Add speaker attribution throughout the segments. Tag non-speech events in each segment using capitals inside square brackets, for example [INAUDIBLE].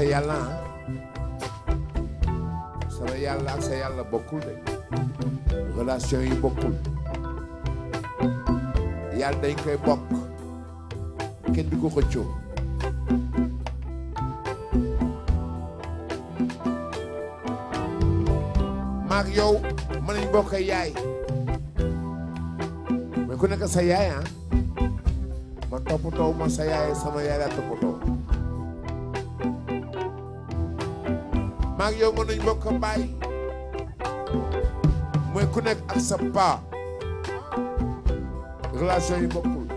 Speaker 1: sa yàlla ah. sama yàlla ak sa yàlla bokkul de relation yi bokkul yàlla dañ koy bokk kenn du ko xëccoo maak yow mën nañ bokk yaay mais ku nekk sa yaay ah. ma toppatoo ma sa yaay sama yaay laa maag yow mën nañ bokk baay mooy ak sa paa relation yi bokkul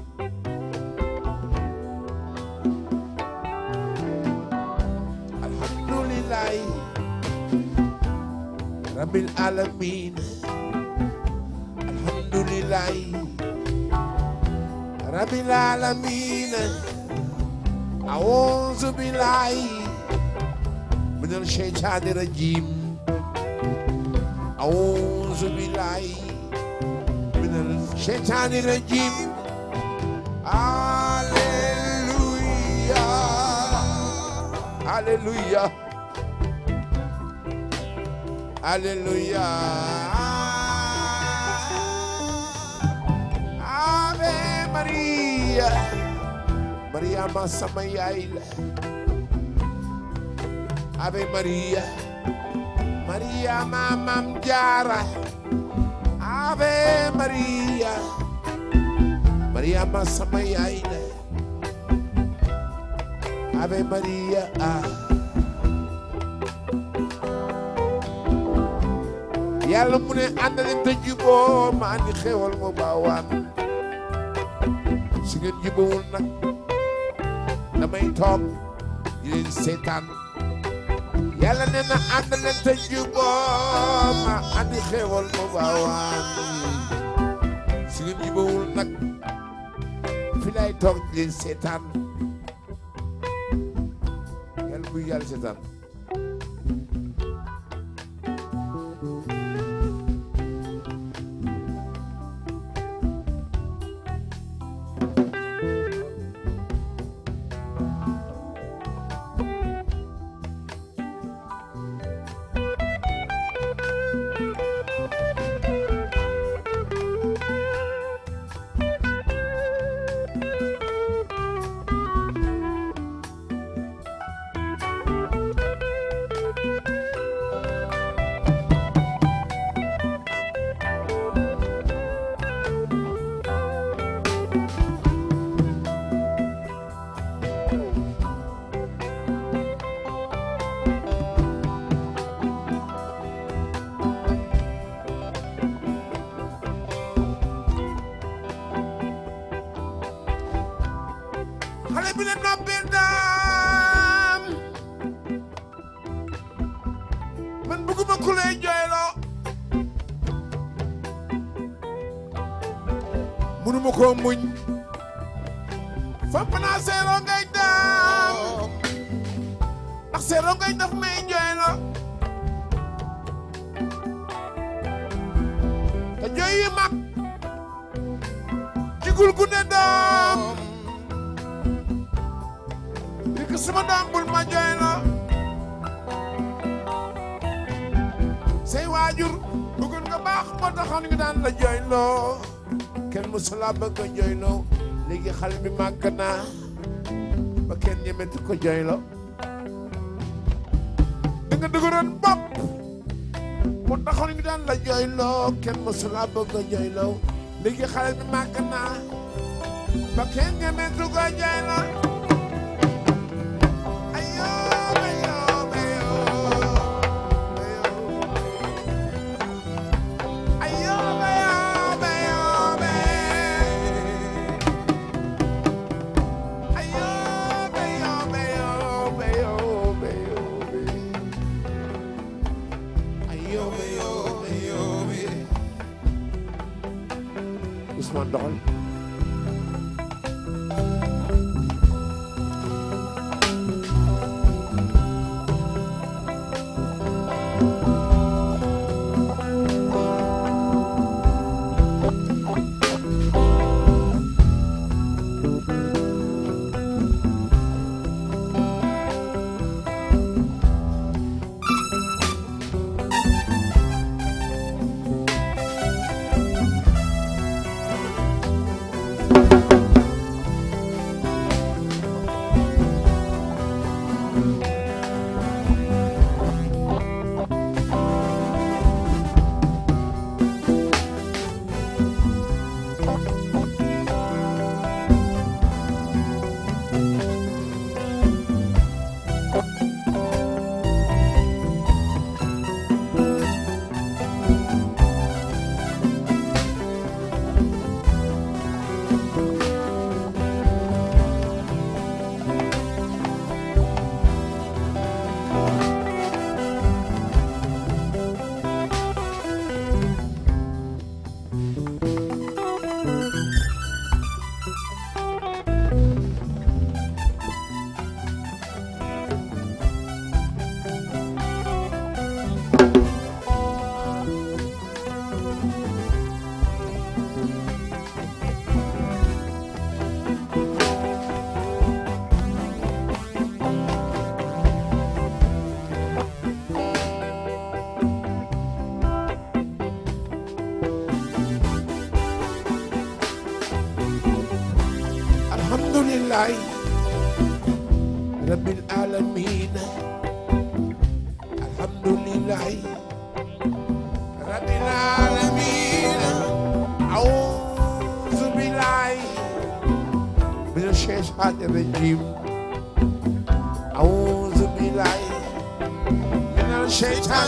Speaker 1: rabbil alamin alhamdulilahi rabbil من الشيطان الرجيم أعوذ بالله من الشيطان الرجيم هللويا هللويا هللويا آمين Maria Maria Massamayailah Ave Maria, Maria mamma chiara, Ave Maria, Maria masamayaina, Ave Maria. Yàlla mu ne ànd leen te juboo ma andi xewal mu baawaan su ngeen jubawul nag damay toog di leen yàlla nee na ànd leen te juboo ma andi xéewal mu baawaan su ngeen juboowul nag fi lay toog leen seetaan yàlla buy mënoo muñ fopp naa seeroo oh. ngay daam ndax seeroo ngay daf ne mos laa bëgg a jooyloo léegi xale bi màgg naa ba kenn ñemetu ko jooyloo na nga dëgëroon bopp mu taxoon ñu daan la jooyloo kenn mos laa bëgg a jooyloo léegi xale bi màgg naa ba kenn ñemetu ko jooyloo Usman Doll.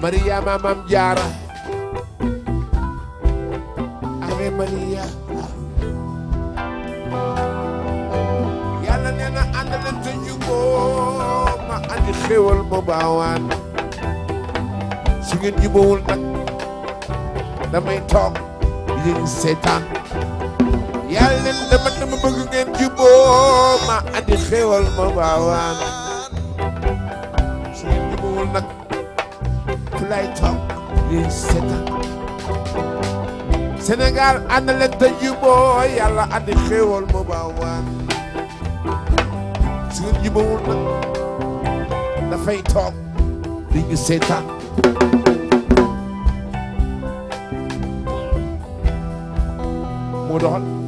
Speaker 1: Mariama Mam Jaara Ave Maria Yàlla nee na ànd na te ma andi xéwal mu baawaan su ngeen jubowul nag damay toog yéen seetaan Yàlla nee na dama dama bëgg ngeen juboo ma andi xéwal mu baawaan su ngeen jubowul nag up lii seetaan Sénégal ànd letter you boy. yàlla andi xéewal mu baawaan su ngeen You nag the toog di ñu seetaan moo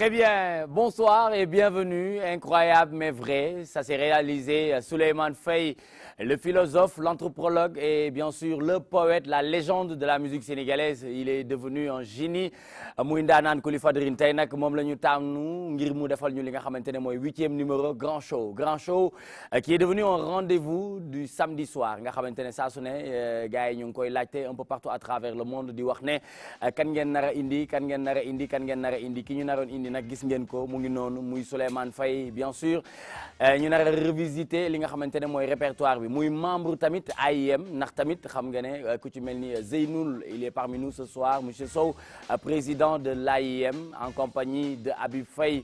Speaker 2: Très bien, bonsoir et bienvenue. Incroyable mais vrai, ça s'est réalisé. les Faye le philosophe, l'anthropologue et bien sûr le poète, la légende de la musique sénégalaise. Il est devenu un génie Mouinda ndaanaan Koulifa li fadrin tey nag moom la ngir mu defal ñu li huitième numéro grand show grand show euh, qui est devenu un rendez-vous du samedi soir nga xamante ça sonne, su ne euh, a yi ñu un peu partout à travers le monde di wax ne euh, kan ngeen indi kan ngeen indi kan ngeen indi Kinyu ñu indi nag gis ngeen ko mu ngi Faye bien sûr ñu avons revisité, li nga moi, le répertoire Moui membre tamit AIM Nartamit tamit xam nga euh, euh, il est parmi nous ce soir monsieur Sow euh, président de l'AIM en compagnie de Abou Faye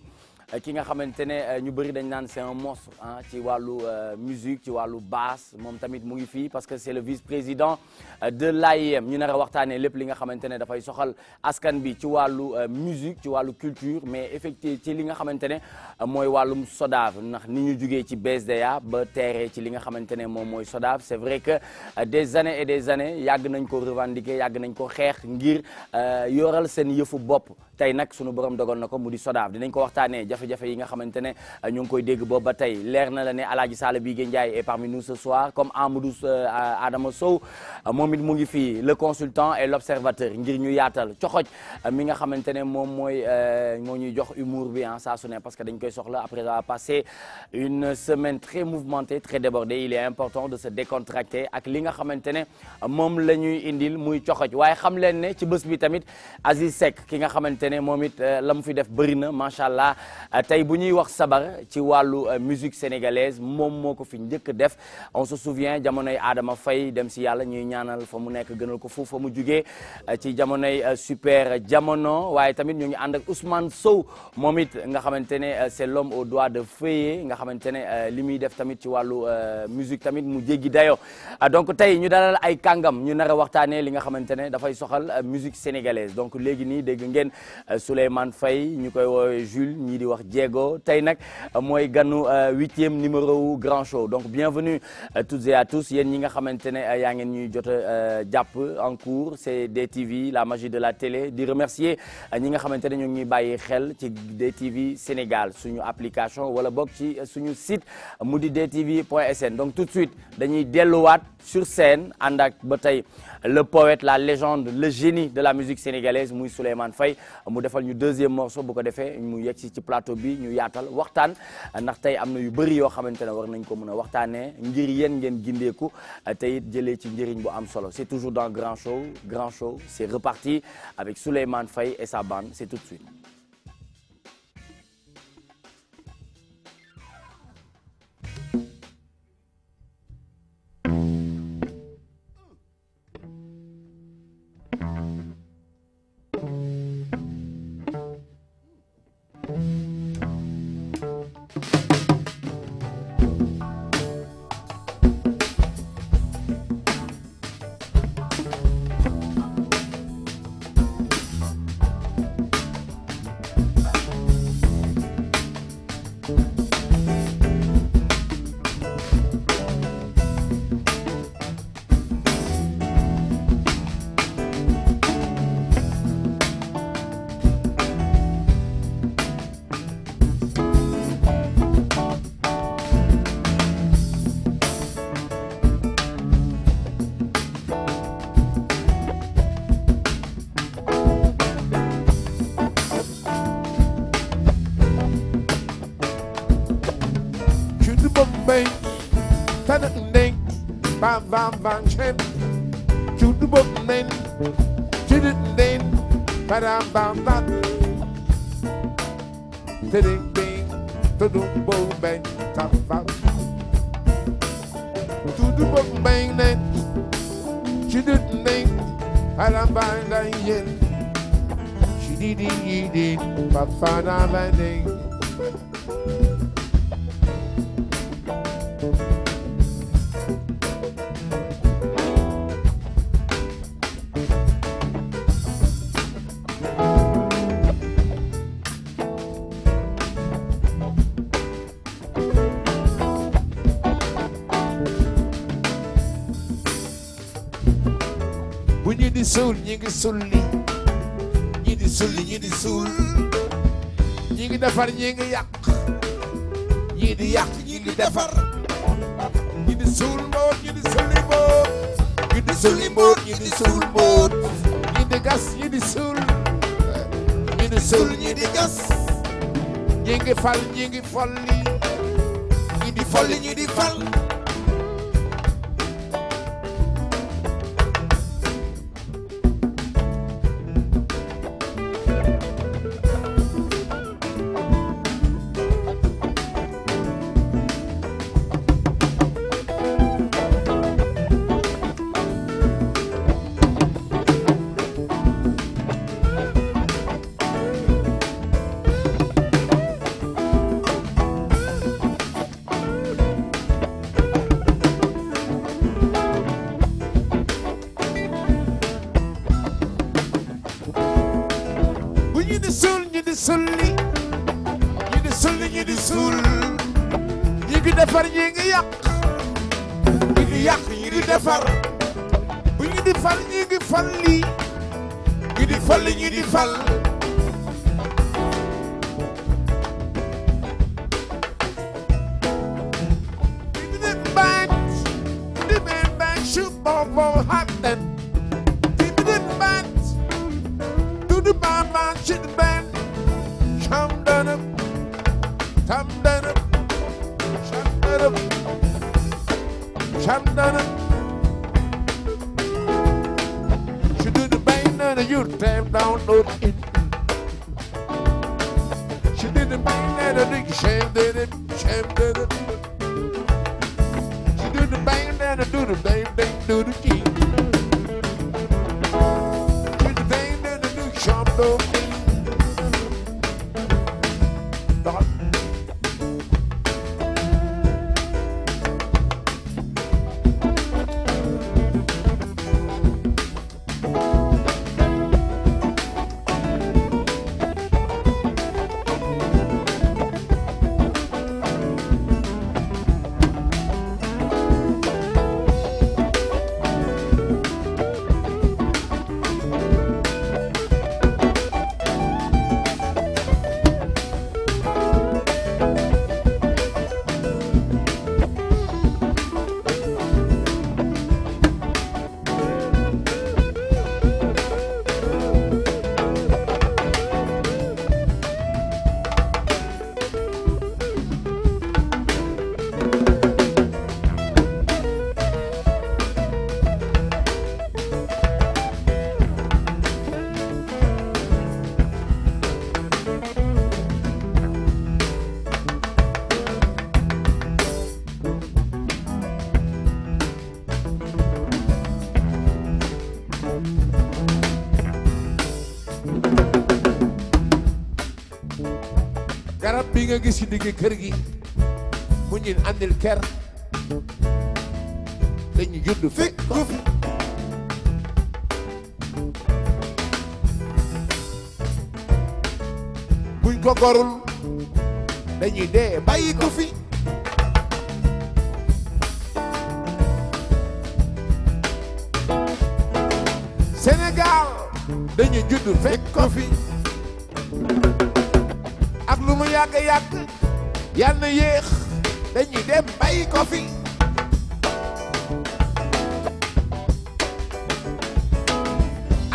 Speaker 2: euh, ki nga xamantene euh, ñu bari dañ nan c'est un monstre ah ci walu euh, musique ci walu basse mom tamit mu ngi fi parce que c'est le vice-président de l'AIM ñu nar a waxtaanee lépp li nga xamantene da fay soxal askan bi ci walu musique ci walu culture mais effectivement ci li nga xamantene moy walum SODAV ndax ni ñu jugee ci BSDA ba téré ci li nga xamantene mom moy SODAV c'est vrai que des années et des années yag nañ ko revendiquer yag nañ ko xex ngir yoral sen yeufu bop tay nak sunu borom dogon nako mudi mu dinañ ko waxtane jafé jafé yi nga xamantene euh, ñu ngi koy dégg boobu ba tey leer na la ne Alaaji Sala Bigué Ndiaye est parmi nous ce soir comme Amadou euh, Adama Sow euh, momit it mu ngi fi le consultant et l'observateur ngir ñu yaatal xoxoj mi nga xamantene mom moy mo ñuy jox humour bi en hein, saa su parce que dañ koy soxla après avoir passé une semaine très mouvementée très débordée il est important de se décontracter ak li nga xamantene mom lañuy indil muy xoxoj waye xam leen ne ci bëss bi tamit Aziz Seck ki nga xamantene xamante momit euh, lam fi def bari na machallah euh, tay wax sabar ci walu euh, musique sénégalaise mom moko fi njëkk def on se souvient ay Adama fay dem ci yalla ñuy ñaanal fa mu nekk gënal ko fu fa mu juggé ci jamono super jamono waye tamit ñu ngi ak Ousmane Sow momit nga xamantene c'est l'homme au doigt de feuillet nga xamantene ne def tamit ci walu musique tamit mu jéggi dayo donc tay ñu dalal ay kangam ñu nara waxtane li nga xamantene da fay soxal musique sénégalaise donc légui ni dégg ngeen euh, Souleymane Faye nous Jules nous di Diego Tainak, moi, euh, mooy euh, huitième numéro wu Grand Show donc bienvenue à toutes et à tous Il ñi nga xamante en cours c'est DTV la magie de la télé di remercier ñi nga xamante ñu DTV Sénégal suñu application ou sur ci suñu site moodydtv.sn, dtv.sn donc tout de suite dañuy delluwaat sur scène andak bataille le poète la légende le génie de la musique sénégalaise Mouy Souleymane Faye a fait deuxième morceau bu ko defee mu plateau nous ñu yaatal waxtaan ndax tey am un yu war nañ ko a ngir c'est toujours dans grand show grand show c'est reparti avec Souleymane Faye et sa bande c'est tout de suite.
Speaker 1: function to the bookman, to the thing, but I'm bound back. To the thing, to the bookman, top out. To the bookman, then, she didn't think, but I'm bound again. She did it, did, but found out my name. suul ñi ngi sulli ñi di sulli ñi di suul ñi ngi defar ñi ngi yàq ñi di yàq ñi ngi defar ñi di suul mboot ñi di sulli mboot ñi di sulli mboot ñi di suul mboot ñi di gas ñi di suul ñi di suul ñi di gas ñi ngi fal ñi ngi folli ñi di folli ñi di fal di suul ñu di sulli ñu di ñi ngi defar ñi ngi yàq ñi ngi yàq ñi ngi defar bu ñu di fal ñi ngi fal lii ñu di fal ñi di fal nga gis ci digg kër gi mu ñuy andil ker dañu judd fi ko fi buñ ko gorul dañuy dee bàyyi ko fi Sénégal dañu judd fekk ko yàgg yàgg yal na yéex dañuy dem bàyyi ko fi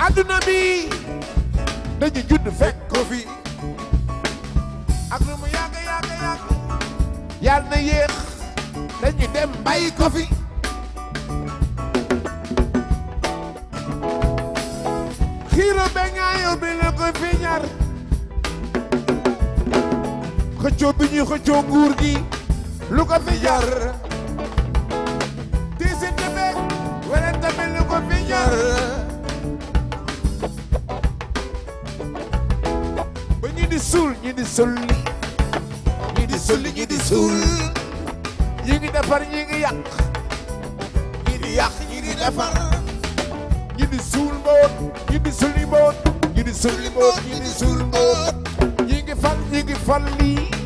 Speaker 1: adduna dañu judd fekk ko fi mu yàgg yàgg yàgg yal na yéex dañuy dem bàyyi ko xëccoo bi ñuy xëccoo nguur gi lu ko fi jar tiisinte beeg wala tamit lu ko fi jar ba ñi di suul ñi di sulli ñi di sulli ñi di suul ñi ngi defar ñi ngi yàq ñi di yàq ñi di defar ñi di suul mboot ñi di sulli mboot ñi di sulli mboot ñi di suul mboot ñi ngi fal ñi ngi fal lii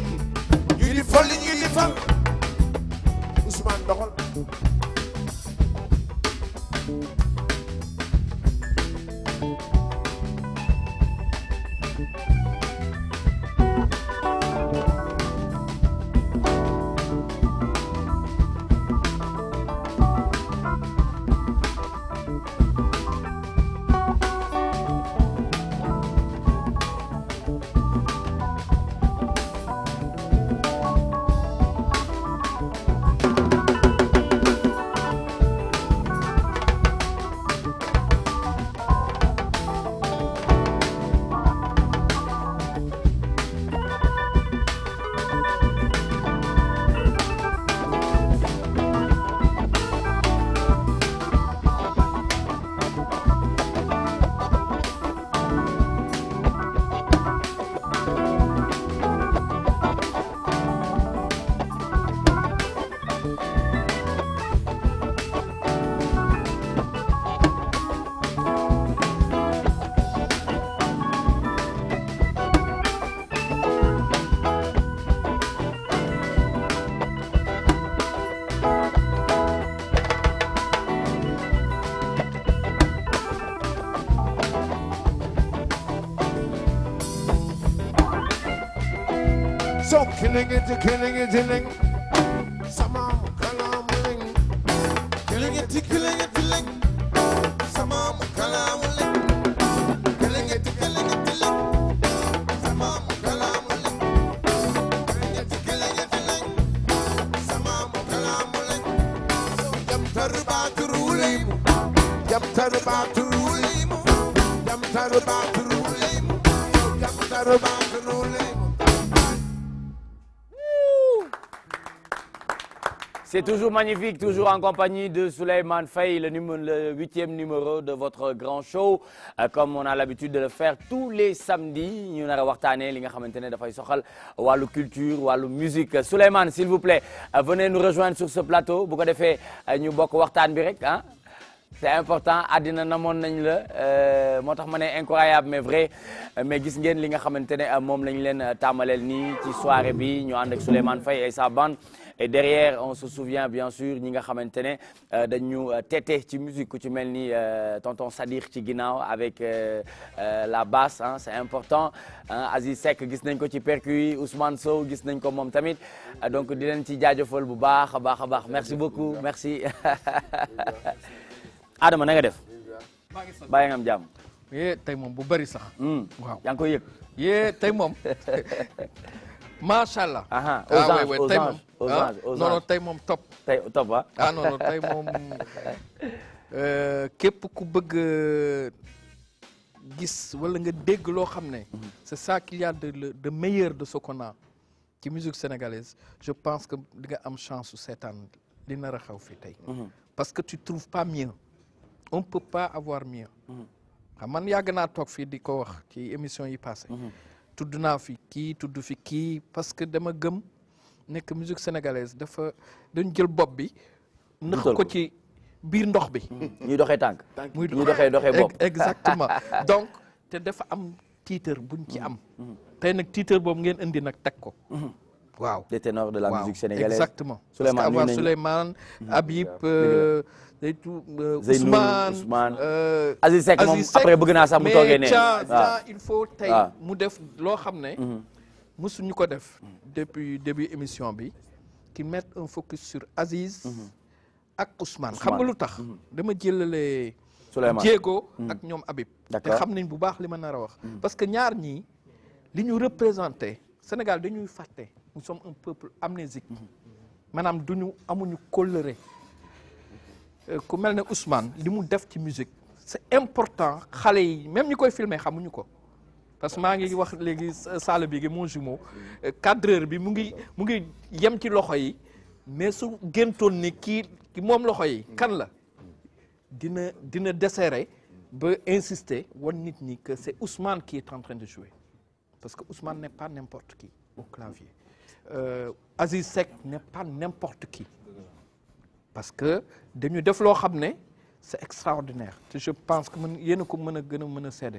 Speaker 1: killing it, killing. it.
Speaker 2: toujours magnifique, toujours en compagnie de Souleymane Faye, le huitième numéro de votre grand show. Euh, comme on a l'habitude de le faire tous les samedis, ñu nar a waxtaanee li nga xamante ne ou soxal la culture la musique Souleymane, s'il vous plaît euh, venez nous rejoindre sur ce plateau bu ko defee euh, ñu bokk waxtaan bi rek hein. c'est important Adina namoon nañ la moo tax ma incroyable mais vrai mais gis ngeen li nga xamante ne moom lañ leen tàmmaleel nii ci soirée bi ñu ak Souleymane Faye et sa bande et derrière on se souvient bien sûr ñi nga xamante ne euh, dañu euh, tete ci musique ku ci mel euh, tonton Sadir ci avec la basse hein, c'est important hein. Aziz Seck gis nañ ko ci Ousmane Sow gis nañ ko mom tamit donc di leen ci jaajëfal bu baax a baax merci beaucoup merci [LAUGHS] Adama na nga def bàyyi nga am jàmm yee tey moom bu bëri sax hmm. waaw yaa ngi
Speaker 3: [LAUGHS] macha allah. ah oui oui tey moom non non tey top.
Speaker 2: tey top ah. ah non non tey moom [LAUGHS]
Speaker 3: euh, képp ku bëgg euh, gis wala nga dégg loo xam ne. Mhm. c'est ça qu'il y a de de meilleur de ce qu'on a Qui musique sénégalaise je pense que di nga am chance ou seetaan li nar a xew fii mhm. parce que tu trouves pas mieux. on peut pas avoir mieux. Mhm. xam man yàgg naa toog fii di ko wax ci émission yi passé tudd fi ki tudd fi ki parce que dama gëm nek musique sénégalaise dafa dañ jël bob bi. nëx ko ci bir ndox bi. Hmm. ñuy doxé tank muy doxé doxé Bob. exactement [LAUGHS] donc té dafa am titre buñ ci am. Hmm. Hmm. tay nak titre bob ngeen indi nak tek ko. waaw
Speaker 2: les ténors de la musique sénégalaise.
Speaker 3: exactement souleyman que Souleymane Uh, Zeytou Ousmane Ousmane uh,
Speaker 2: Aziz Seck moom après
Speaker 3: bëgg naa sax mu togué né mais il faut tay ah. mu def lo xamné ne. mësuñu mhm. ko def. depuis début émission bi. qui met un focus sur Aziz. Mhm. ak Ousmane xam nga lu tax. Mhm. dama jëlale. Souleymane Diego ak ñom Habib. te xam nañ bu baax li ma nar wax. parce que ñaar ñi li ñu représenter Sénégal dañuy faté nous sommes un peuple amnésique manam duñu amuñu colère. Euh, ku melne Ousmane def musique c'est important même parce que ngi wax mon jumeau euh, cadreur bi mais su ni kan la dina dina insister que c'est Ousmane qui est en train de jouer parce que Ousmane n'est pas n'importe qui au clavier euh, Aziz n'est pas n'importe qui parce que dañu def lo xamné c'est extraordinaire je pense que mën ko meuna gëna meuna a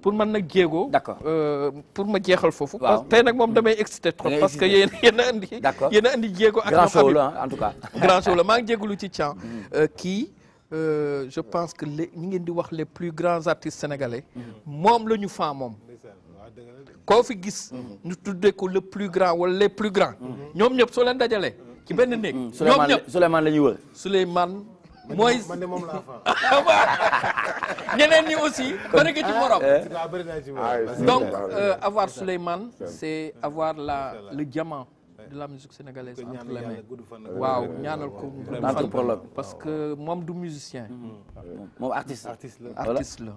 Speaker 3: pour man nag jéego. euh pour ma djéxal fofu tay nak mom damay excité trop. parce que yéen yéen andi. d'accord andi jéego ak. grand show en tout cas. [LAUGHS] grand show la maa ngi jégalu ci Thiam. Mm. Euh, kii euh, je pense que les ñi ngeen di wax les plus grands artistes sénégalais. mom mm. lañu ñu mom ko fi gis. Mm. ñu tuddé ko le plus grand wala les plus grands. ñom ñep so leen dajalee qui ben
Speaker 2: nek mm, ñoom ñëpp Souleymane la ñuy wër. Souleymane man de moom fa.
Speaker 3: [LAUGHS] ñeneen ñi aussi bari nga ci borom eh.
Speaker 2: ah, donc euh,
Speaker 3: avoir Suleiman c'est avoir la le diamant. de la musique sénégalaise entre les mains waaw ñaanal ko anthropologue parce que mom du musicien Mom mm. artiste artiste la artiste la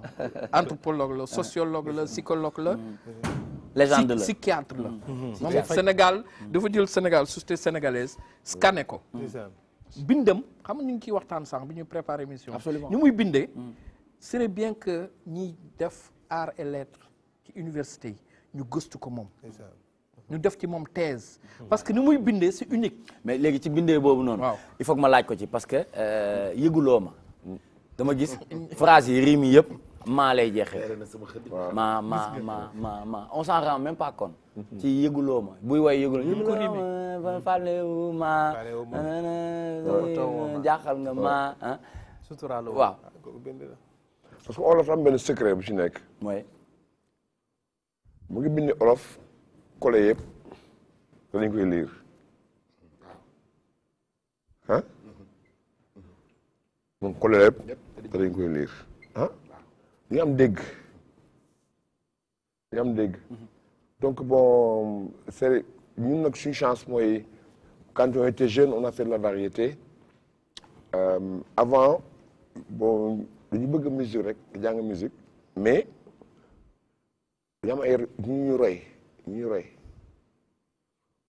Speaker 3: anthropologue la sociologue la mm. psychologue la légende la psychiatre la. moom mhm. Sénégal mhm. dire le Sénégal société sénégalaise scanné ko. Mhm. bindam xam nga ñu ngi ciy waxtaan sang, bi ñu préparé émission. absolument Nous muy bindee. serait bien que ni def art et lettres ci université nous
Speaker 2: ñu comment. ko moom. ñu def ci thèse. parce que nous muy bindee c'est unique. mais léegi ci bindee boobu noonu. il faut que ma laaj ko ci parce que euh, yëguloo ma. dama gis phrase yi rimes yi maa lay jeexee ma ma ma ma ma on s'en rend même pas compte mhm. ci yëguloo ma buy yëguloo ma mhm. fàllewu ma jaaxal nga ma ah suturaal waaw ah,
Speaker 1: parce olof am benn secret bu ci nekk mooy mu ngi bind olof kole yëpp danañ koy liir ah mhm. kole yëpp danañ koy liir ñu am dégg ñu am dégg donc bon c'est ñun nag suñu chance mooy quand on était jeune on a fait de la variété euh, avant bon dañu bëgg musique rek jàng musique mais dañu am ay ñu ñu roy ñu ñu roy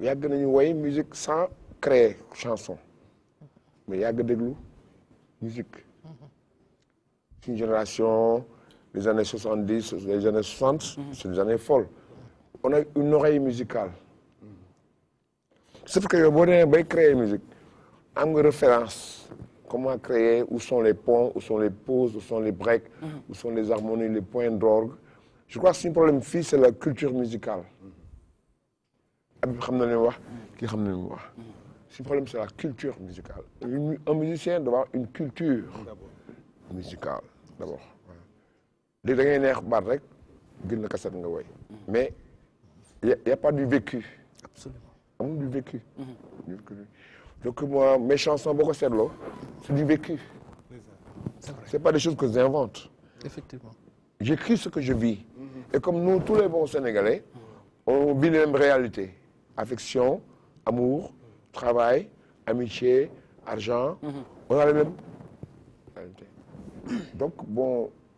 Speaker 1: yàgg nañu woy musique sans créer chanson mais yàgg déglu musique suñu génération les années 70, les années 60, mhm. c'est des années folles. On a une oreille musicale. Sauf que vous de créer une musique. En référence, comment créer, où sont les ponts, où sont les pauses, où sont les breaks, mhm. où sont les harmonies, les points d'orgue. Je crois que c'est un problème fils, c'est la culture musicale. Ce problème, c'est la culture musicale. Un musicien doit avoir une culture musicale, d'abord. Mais il n'y a pas du vécu. absolument a mhm. du vécu. donc moi mes chansons c'est du vécu. C'est pas des choses que j'invente. effectivement j'écris ce que je vis. Mhm. et comme nous tous les bons Sénégalais. Mhm. on vit les mêmes réalités. affection amour travail amitié argent. on a les mêmes réalités donc bon.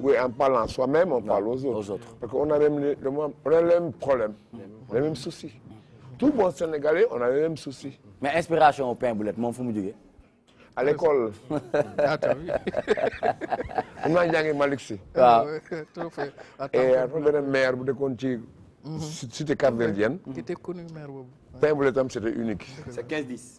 Speaker 1: oui,
Speaker 2: en parlant soi-même, on parle aux autres. Parce qu'on a, même les, on a les mêmes les mêmes soucis. Tout bon Sénégalais, on a les mêmes soucis. Mais inspiration au pain boulette, mon fou me À l'école. Attends,
Speaker 1: On a gagné Malixi. Et après,
Speaker 3: le
Speaker 1: maire, de êtes c'était carvélienne. Qui était connu, maire Pain boulette, c'était unique.
Speaker 4: C'est 15-10.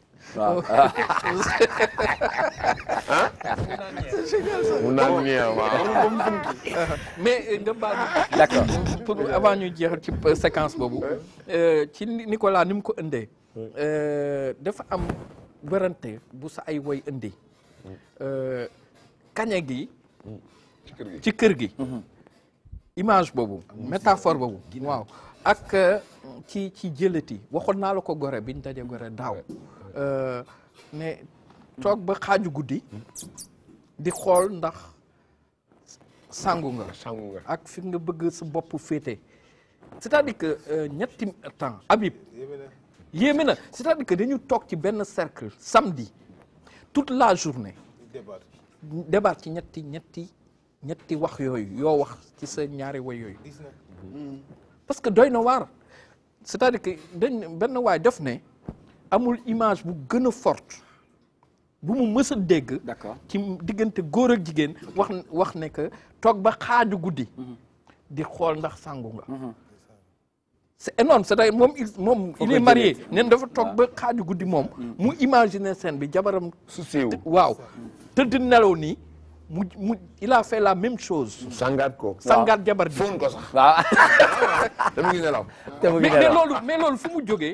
Speaker 5: waaw ah. mu
Speaker 3: naan ñeew waaw mais euh, nga baal d' accord pour avant ñu jeexal ci séquence boobu euh, ci Nicolas ni mu ko indee euh, dafa am bërante bu sa ay woy indi kaña gi ci kër gi mhm. image boobu métaphore boobu waaw ak ci ci jëlati waxoon naa la ko gore biñ daje gore daaw Euh, mais toog ba xaaju guddi di xool ndax sangu nga ah, sangu ak fi nga bëgg sa bopp féete c'est-à-dire que euh, ñetti temps Habib yéeme na c'est-à-dire que dañu toog ci benn cercle samedi tout la journée débat ci ñetti ñetti ñetti wax yooyu yoo wax ci sa ñaari way yooyu parce que doy na waar c'est-à-dire que dañ benn waay def ne amul image bu gën forte bu mu mës dégg. d'accord ci diggante góor ak jigéen. wax wax ne que tok ba xaaju guddi. Mhm. di xol ndax sangu nga. Mhm. c'est énorme cest à il moom il est marié neen dafa tok ba xaaju guddi mom mhm. mu imaginer scène bi jabaram su siiw waaw tëdd nelaw nii il a fait la même chose sangaat ko sangaat jabar ji Fon ko sax waaw te ngi nelaw mais loolu mais loolu fu mu jógee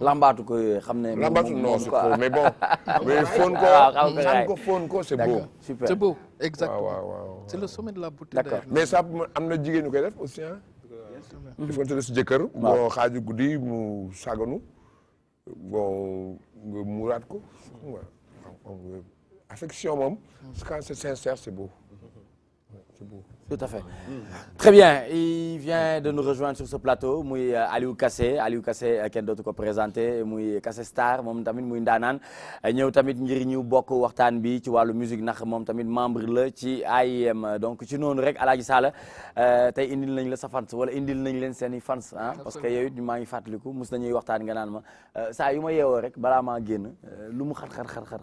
Speaker 2: lambaatu ko yooyu xam
Speaker 3: ne. lambaatu non c'est faux mais bon. [LAUGHS] mais fóon ko xam ko ko c'est beau. super c'est beau exactement waaw de la beauté.
Speaker 1: d'accord mais ça am na jigéen ñu koy def aussi ah. il faut que si jëkkër. waaw boo xaaju guddi mu saganu. bon nga muuraat ko. waaw
Speaker 2: affection moom. Mm. quand c'est sincère c'est beau. c'est beau. tout à fait très bien il vient de nous rejoindre sur ce plateau euh, Aliou Kassé Aliou Kassé qui euh, présenté Kassé Star tamit Il euh, tamit ngir ñu bokk bi ci la musique tamit membre membres ci AIM donc ci nous rek Alaaji indil nañ la sa fans wala indil nañ l'en fans hein? parce que ngi nga ma rek lu mu xat xat xat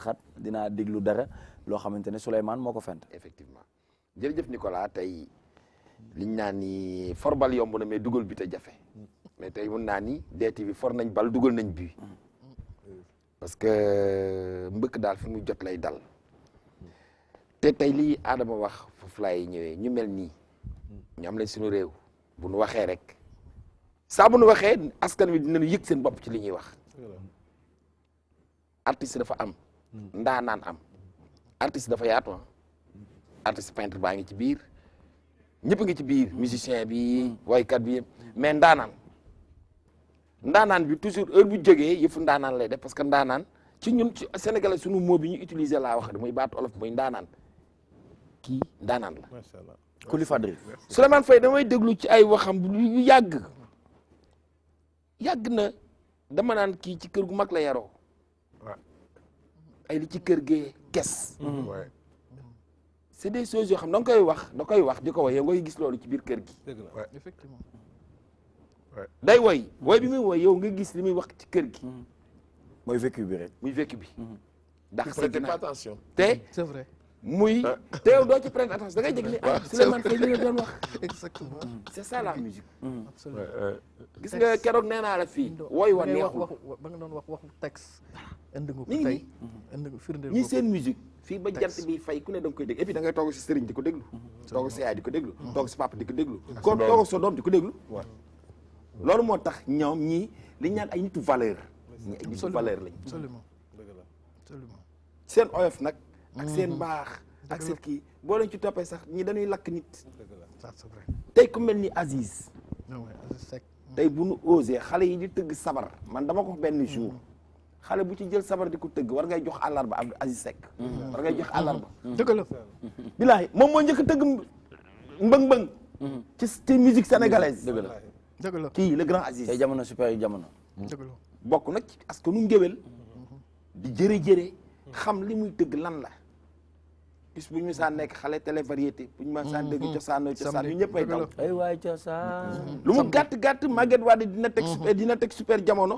Speaker 2: xat effectivement
Speaker 4: jërëjëf Nicolas tey liñ naan ni for bal yomb na mais dugal bi te jafe mais tey mun naa ni DTV for nañ bal dugal nañ bi parce que euh, mbëkk daal fi mu jot lay dal te tey lii Adama wax foofu laay ñëwee ñu mel nii ñu lañ suñu réew bu nu waxee rek saa bu nu waxee askan wi dinañu yëg seen bopp ci li ñuy wax artiste dafa am mm. ndaa naan am artiste dafa yaatu artiste peintre baa ngi ci biir ñëpp ngi ci biir musicien bi waykat bi mais ndaanaan ndaanaan bi toujours heure bu jógee yëfu ndaanaan lay de parce que ndaanaan ci ñun ci sénégalais sunu mot bi ñu utiliser laa wax muy baatu olof muy ndaanaan kii ndaanaan la.
Speaker 6: macha allah Coly Fadri.
Speaker 4: déglu ci ay waxam yu yàgg yàgg na dama naan kii ci kër gu mag la yaroo. ay li ci kër gee kes. c'est des choses yoo xam da nga koy wax da koy wax di ko woy ngay gis loolu ci biir kër gi.
Speaker 3: effectivement. day woy
Speaker 4: woy bi muy woy yow nga gis li muy wax ci kër gi. Mm-hmm. mooy vécu bi muy vécu bi. Mm-hmm. ndax c'est pas attention te mm-hmm. c'est vrai. muy ah. teew doo ci prendre attention da ngay jégalu ah Souleymane doon wax. [LAUGHS] exactement c'est ça la musique.
Speaker 3: gis nga keroog
Speaker 4: nee naa fi fii. wooy wa neexul
Speaker 3: ba nga doon wax waxu texte. indi nga ko tey seen musique. fii ba jant bi
Speaker 4: fay ku ne da nga koy dégg et puis da toog si sëriñ di ko déglu toog si yaay di ko déglu mm-hmm. toog si papa di ko déglu kon toog ko déglu loolu moo tax ñoom ñii li ñu ay nitu valeur ñi ay nitu valeur lañ absolument seen oyof nag ak seen mm-hmm. baax ak seen kii boo leen ci toppee sax ñi dañuy lakk nit tey ku mel ni Aziz
Speaker 3: ah
Speaker 4: tey bu nu osé xale yi di tëgg sabar man dama ko benn jour mm-hmm. xale bu ci jël sabar di ko tëgg war ngay jox àllarba Abdou Aziz Seck mhm. war ngay jox àllarba mhm. dëgg la moom moo njëkk tëgg mbëng-mbëng mhm. ci ci musique sénégalaise dëgg la dëgg la kii le grand Aziz. tey jamono super jamono dëgg bokk nag ci parce que nu ngéwél di jëre-jëre xam li muy tëgg lan la bis bu ñu ma saan nekk xale télé variété bu ñu ma saan dëgg cosaanoo cosaan ñu ñëppay daw ay
Speaker 2: waay cosaan lu mu
Speaker 4: gàtt gàtt Maguette Wade dina teg super dina teg super jamono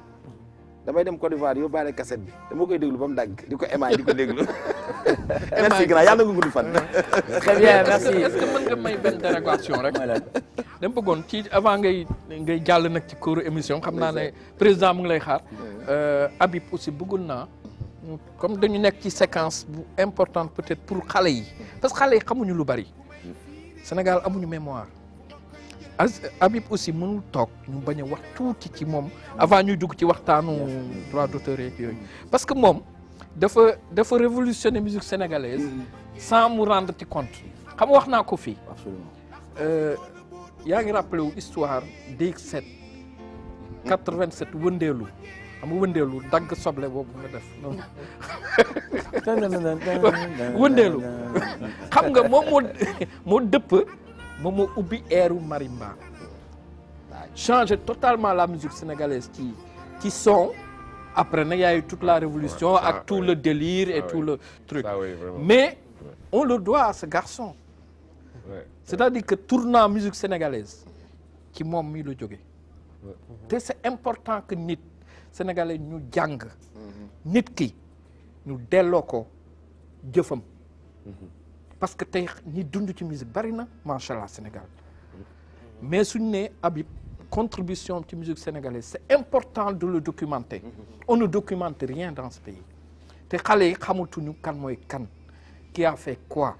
Speaker 4: damay dem Côte d'Ivoire yóbbaale cassette bi dama koy déglu bam dag diko di diko émaay déglu. [LAUGHS] merci grand yalla nga gudd fan.
Speaker 3: [LAUGHS] très bien merci est-ce que meun nga may ben dérogation rek. dama bëggoon ci avant ngay ngay jall nak ci cour émission xamna né président mu ngi lay xaar. Euh, Habib aussi bëggul na comme dañu nek ci séquence bu importante peut-être pour xalé yi parce que xalé yi xamuñu lu bari. Sénégal amuñu mémoire. ab Habib aussi mënul toog ñu bañ a wax tuuti ci moom avant ñuy dugg ci waxtaanu droit d'auteur yeeg yooyu parce que moom dafa dafa révolutionner musique sénégalaise mm. sans mu rendre ci compte xam wax naa ko fii euh, yaa ngi rappelé wu histoire DX7 87 wëndeelu xam nga wëndeelu dagg soble boobu nga def [LAUGHS] wëndeelu xam nga moom moo dëpp Momo Ubi Eru marimba totalement la musique sénégalaise qui qui sont après il y a eu toute la révolution avec tout le délire et ah tout le truc mais on le doit à ce garçon c'est-à-dire que tournant musique sénégalaise qui m'a mis le jogue c'est important que les sénégalais nous
Speaker 5: qui
Speaker 3: nous ki ñu parce que tay ñi dund ci musique bari na macha au Sénégal mais suñ né Habib contribution ci musique sénégalaise c'est important de le documenter. on ne documente rien dans ce pays. té xalé yi ñu kan moy kan qui a fait quoi.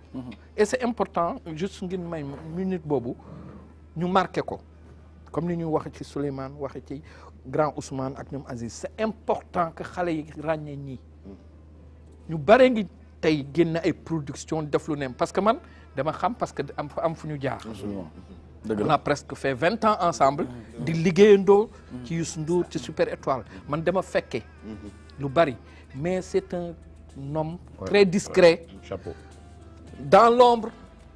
Speaker 3: et c'est important juste une may minute bobu ñu marqué ko comme ni ñu wax ci Souleymane wax ci grand Ousmane ak ñom Aziz c'est important que xalé yi ragné ñi ñu bare ngi tay génn ay production def lu nem parce que man dama xam parce que am am fu jaar. on a presque fait 20 ans ensemble. di liggéeyandoo. Mm. ci Youssou ci Super Étoile man dama fekkee. lu bari mais c'est un homme très discret. chapeau dans l'ombre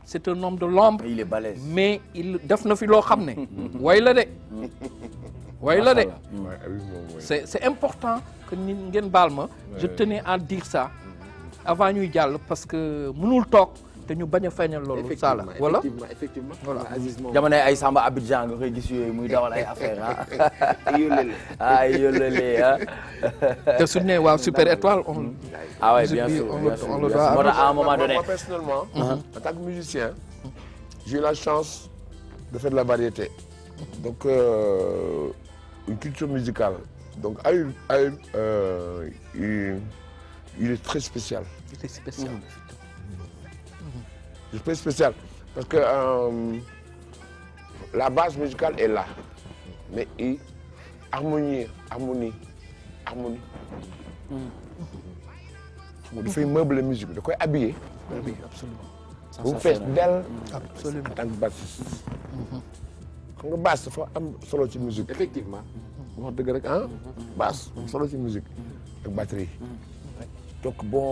Speaker 3: c'est un homme de l'ombre il est balèze mais il def na fi lo xamné [LAUGHS] way la dé way la
Speaker 2: ah c'est
Speaker 3: important que nit ngeen je tenais à dire ça avant y aller parce que nous le Effectivement. a loolu. voilà effectivement voilà Aziz
Speaker 2: ay Samba Abidjan dawal ay ah. [LAUGHS] ay [LAUGHS] ah. [LAUGHS] te super étoile hmm. ah oui bien sûr moi personnellement. Uh-huh. en tant que musicien.
Speaker 1: j'ai eu la chance de faire de la variété. donc euh, une culture musicale donc a eu a eu euh, il est très spécial. Il est
Speaker 3: spécial. Mmh.
Speaker 1: Très spécial. Parce que euh, la base musicale est là. Mais il harmonie, harmonie, harmonie. Mmh. Il faut meuble la musique, il faut habiller. Oui, absolument. Vous faites d'elle en tant que bassiste. Quand mmh. on basse faut am solo musique. effectivement. rek hein, basse solo de musique une batterie. donc bon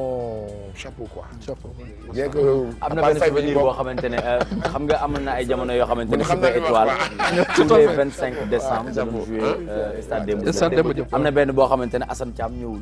Speaker 1: chapeau quoi. chapeau bien que. am na benn souvenir boo
Speaker 2: xamante ne euh, xam nga am na ay jamono yoo xamante ne Super Étoile. tous les 25 décembre. dañu joué euh, stade Demba Diop am na benn boo xamante ne Assane Thiam ñëwul.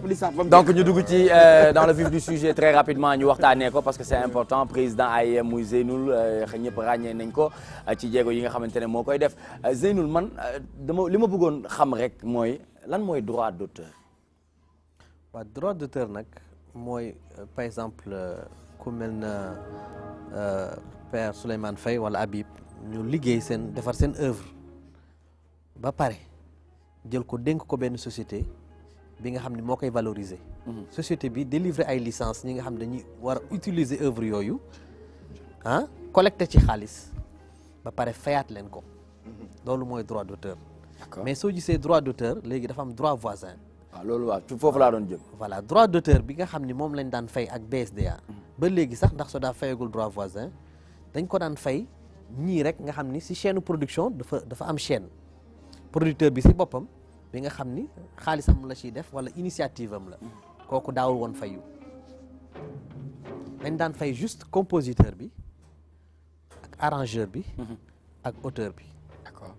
Speaker 4: donc ñu dugg
Speaker 2: ci euh, dans le vif du sujet très rapidement ñu waxtaanee ko parce que c'est important président ay muy Zeynoul euh, ñëpp ràññee nañ ko euh, ci djégo yi nga xamante mo koy def Zeynoul man dama lima ma xam
Speaker 7: rek moy lan moy droit d'auteur. Ba droit d'auteur nak moy par exemple ku mel na père Souleymane Faye wala Habib ñu liggéey seen défar seen œuvre ba paré jël ko dénk ko benn société bi nga xam ne koy valoriser. Mhm. société bi délivrer ay licence ñi nga xam dañuy war a utiliser œuvre yooyu ah collecté ci xaalis ba pare fayat leen ko. Mhm. loolu moy droit d'auteur. mais so gisee droit d'auteur légui dafa am droit voisin. Ah, waaw wa tu fofu la doon jëm. voilà droit d'auteur bi nga xamni mom lañ dan fay ak BSDA. Mhm. ba légui sax ndax so da fayagul droit voisin dañ ko dan fay ñi rek nga xamni si chaîne production dafa dafa am chaîne producteur bi si bopam bi nga xamni ni la ci def wala initiative am la koku dawul won fayu dañ dan fay juste compositeur bi ak arrangeur bi mhm. ak auteur bi d'accord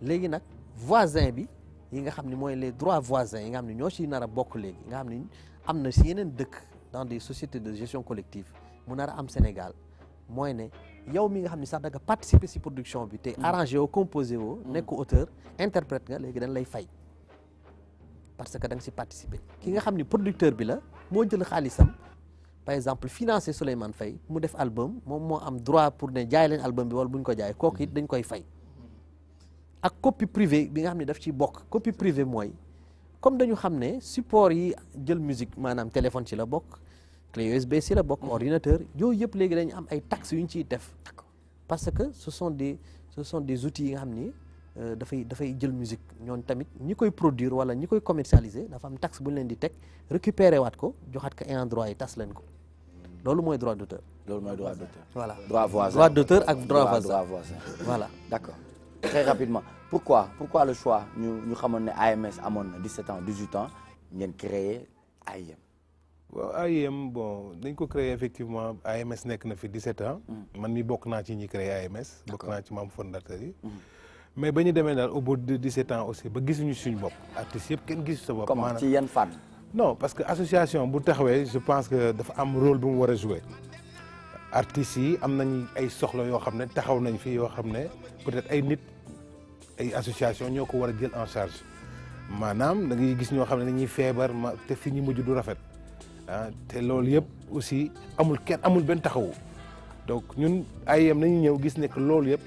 Speaker 7: léegi nak voisin bi yi nga xamni moy les droits voisins yi nga xamni ne ñoo ciy nar a bokk nga xamni amna am na si yeneen dëkk dans des sociétés de gestion collective mu nara am Sénégal moy ne yow mi nga xamni sax da nga participer ci production bi te mhm. arranger woo composer woo mhm. nek auteur interprète nga léegi dañ lay fay parce que da participer ki nga xam producteur bi la moo jël xaalisam par exemple financé Souleymane Faye mu def album moom moo am droit pour ne jaay leen album bi wala bu ñu ko jaay kooku it dañ koy fay ak copie privée bi nga xam daf ci bok copie privée moy comme dañu xamné support yi jël musique manam téléphone ci la bok clé USB ci la bokk ordinateur yo yëpp légui dañu am ay taxes yu ñu ciy def parce que ce sont des ce sont des outils yi nga xam euh, dafay dafay jël musique ñoon tamit ñi koy produire wala ñi koy commercialiser dafa am taxe bu ñu leen di teg récupérer wat ko joxat ko ayant droit et tas leen ko lolu moy droit d'auteur lolu moy droit d'auteur voilà droit voisin droit d'auteur ak droit voisin voilà
Speaker 2: d'accord très rapidement pourquoi pourquoi le choix ñu ñu xamone AMS amone 17 ans 18 ans ñen créer AIM Bon AIM
Speaker 6: bon dañ ko créé effectivement AMS nekk na fi 17 ans mm. man mi bok na ci ñi créé AMS bokk naa ci membre fondateur yi mm mais bañu démé dal au bout de 17 ans aussi ba gisuñu suñu bop artistes yépp kenn gisu sa bop maanaam ci yan fànn. non parce que association bu taxawé je pense que dafa am rôle bu mu wara jouer artistes yi am nañ ay soxla yo xamné taxaw nañ fi yo xamné peut-être ay nit ay association ñoko wara war jël en charge manam da ngay gis ñoo xamné ne dañuy feebar ma te fi ñi mujj du rafet ah te loolu yëpp aussi amul kenn amul ben taxaw donc ñun ay am nañ ñëw gis nek lool yépp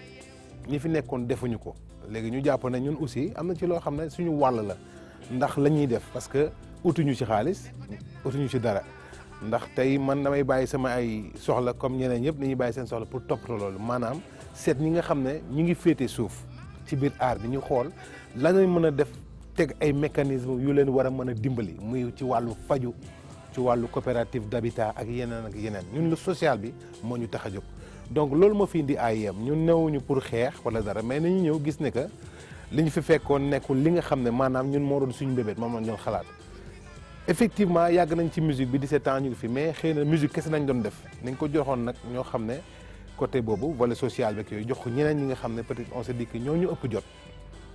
Speaker 6: ñi fi nekkoon defuñu ko léegi ñu jàpp ne ñun aussi am na ci loo xam ne suñu wàll la ndax la ñuy def parce que utuñu ci xaalis utuñu ci dara ndax tey man damay bàyyi sama ay soxla comme ñeneen ñëpp dañuy bàyyi seen soxla pour toppatoo loolu maanaam seet ñi nga xam ne ñu ngi féete suuf ci biir aar bi ñu xool la ñuy mën a def teg ay mécanisme yu leen war a mën a dimbali muy ci wàllu faju ci wàllu coopérative d'habitat ak yeneen ak yeneen ñun lu social bi moo ñu tax a jóg donc loolu moo fi indi AIM ñu newuñu pour xex wala dara mais nañu ñew gis ne que li fi fekkoon nekul li nga xamne manam ñun mo doon suñu bébét mom la ñu xalaat effectivement yag nañ ci musique bi 17 ans ñu fi mais xeyna musique kess nañ doon def nañ ko joxon nak ño xamne côté bobu volet social beeg yooyu jox ko ñeneen ñi nga xamne ne peut-être on s'est dit que ñoo ñu ëpp jot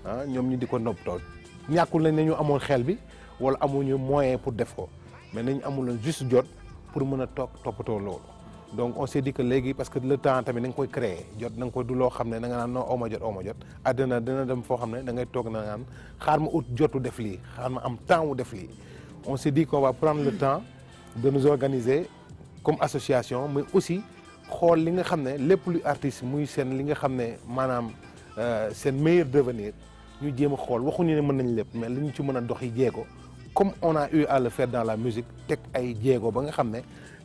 Speaker 6: ah ñom ñu diko nopp tool ñakul nañ ne ñu amoon xel bi wala amuñu moyen pour def ko mais nañ amul juste jot pour mën tok toog toppatoo donc on s'est dit que légui parce que le temps tamit na koy créer jot na koy du lo xam da nga nan non oo jot oo jot àddina dina dem fo xam ne da ngay tok na naan xaar ma ut jotu def li xaar ma am temps wu def li on s'est dit qu'on va prendre le temps de nous organiser comme association mais aussi xool li nga xam lepp lu artiste muy sen li nga xam manam euh sen meilleur devenir ñu jéem a waxu waxuñu ne mën nañ lepp mais li ñu ci mën a dox yi jéego comme on a eu à le faire dans la musique tek ay jéego ba nga xam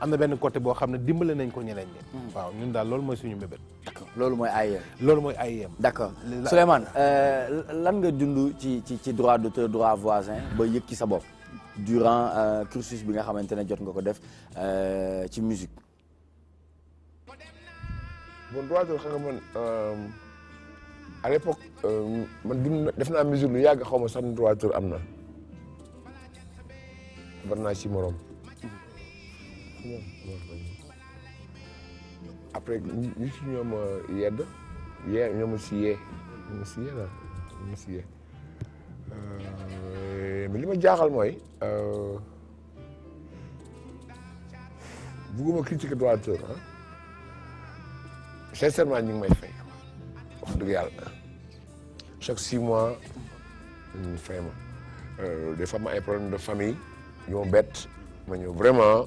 Speaker 6: amna benn côté bo xam dimbalé nañ ko ñeneen ñi. Hmm.
Speaker 2: waaw ñun daal lool moy suñu mbébét. d'accord lool moy AIM. lool moy AIM. d'accord souleyman euh lan nga dundu ci ci ci droit d'auteur droit voisin ba yëg ci sa bop durant euh, cursus bi nga xamante ne jot nga ko def euh ci musique. bon droit d'auteur xam nga man euh, à l'époque euh
Speaker 1: man dund def na musique lu yag xawma ma sax droit d'auteur amna bon na ci morom. Après, nous sommes ici, nous sommes ici. Nous sommes ici. Euh, mais ce que je veux dire, je veux critiquer le droit d'auteur. C'est ce que je fais. Réal. Chaque six mois, je fais. Euh, des fois, j'ai un problème de famille, ils sont bêtes, mais ils sont vraiment.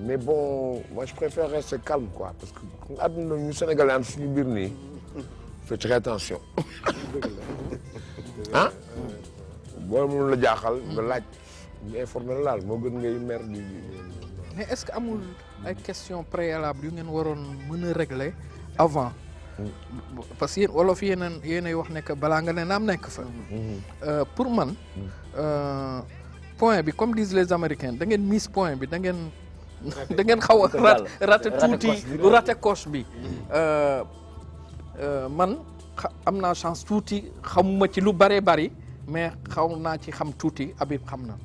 Speaker 1: mais bon moi je préfère rester calme quoi parce que sommes ah, sénégalais nous sommes très attention [LAUGHS] hein? mais
Speaker 3: est-ce que a une question préalable régler avant parce que wolof que vous wax que choses pour euh, point comme disent les américains da mis point [LAUGHS] da ngeen xaw rat rate touti raté coche bi euh, euh, man amna chance touti xamuma ci lu bëree bari mais xaw naa ci xam touti abib xamna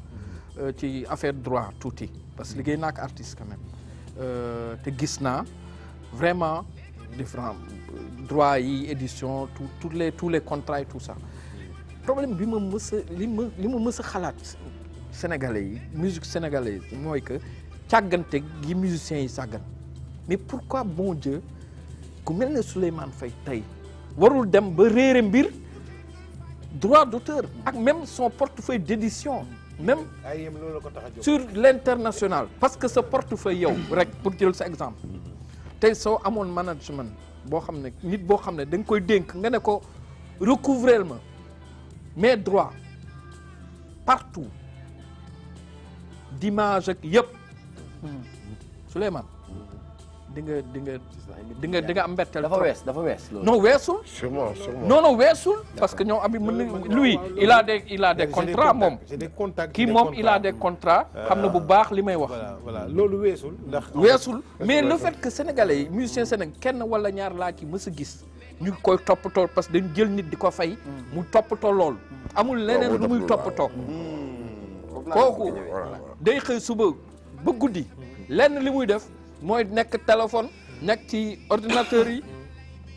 Speaker 3: euh, ci affaire droit touti parce que liggéey nak artiste quand même te gis vraiment différents droits yi édition tous les tous les contrats et tout ça problème bi ma meuse li ma li ma sénégalais musique sénégalaise moy que chaque musicien musiciens yi sàggan mais pourquoi bon Dieu ku mel ne Souleymane Faye warul dem ba mbir droit d'auteur ak même son portefeuille d'édition même sur l'international parce que ce portefeuille yow rek pour jël cet exemple tay son amone management bo xamné nit bo xamné dang mes droits partout d'image ak Souleymane di nga di nga di nga di nga am mbetteel. dafa wees dafa wees loolu. non weesul. sûrement sûrement weesul. parce que ñoom abi mën nañu lui il a des il a des contrats moom. kii moom il a des contrats. Euh, xam na bu baax li may wax. voilà loolu weesul. ndax [LAUGHS] weesul mais le fait que yi musiciens sénégalais kenn wala ñaar laa ci mës sa gis. ñu ngi koy toppatoo parce que dañ jël nit di ko fay. mu toppatoo loolu. amul leneen lu muy toppatoo. Hmm. kooku day xëy suba. ba guddi lenn li muy def mooy nekk téléphone nekk ci ordinateur yi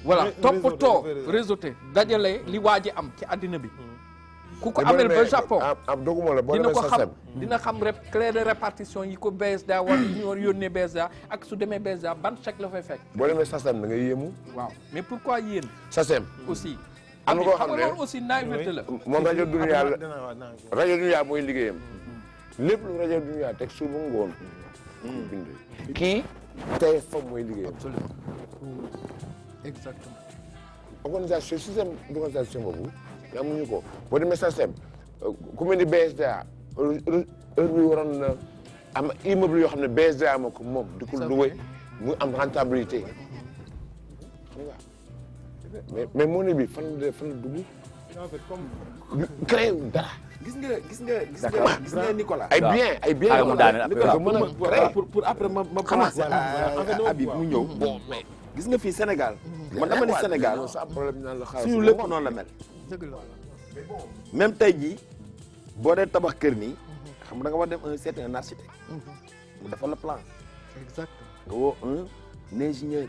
Speaker 7: wala voilà toppatoo
Speaker 3: réseauté dajale li waa ji am ci addina bi hmm. ku ko amel ba Japon dina ko xam dina xam rek clé de répartition yi ko BSDA war yi ñu war yónnee BSDA ak su demee BSDA ban chèque la fay fekk
Speaker 1: boo demee SACEM da ngay yéemu
Speaker 3: waaw mais pourquoi yéen
Speaker 1: SACEM aussi am na koo xam ne aussi naay wérte la moo rajo Dunia la rajo mooy liggéeyam lépp lu rajo dunya teg suba ngoon bind kii tey mooy liggéey absolument exactement organisation système d'organisation boobu amuñu ko boo demee système ku mel ni BSDA heure bi yoo xam ne BSDA moo ko moom di ko loué mu am rentabilité mais mais monnaie bi fan la fan la dugg créé dara
Speaker 4: gis nga gis nga gis nga gis nga Nicolas. ay bien ay bien
Speaker 1: la ma
Speaker 4: pour pour après ma ma. commencé ah, Habib mu ñëw bon mais. gis nga fii Sénégal. man dama ni Sénégal suñu lépp noonu la mel. même tey jii boo dee tabax kër nii. xam nga da nga war dem un certain architecte. Mhm. mu defal la plan. exact nga woo un ingénieur.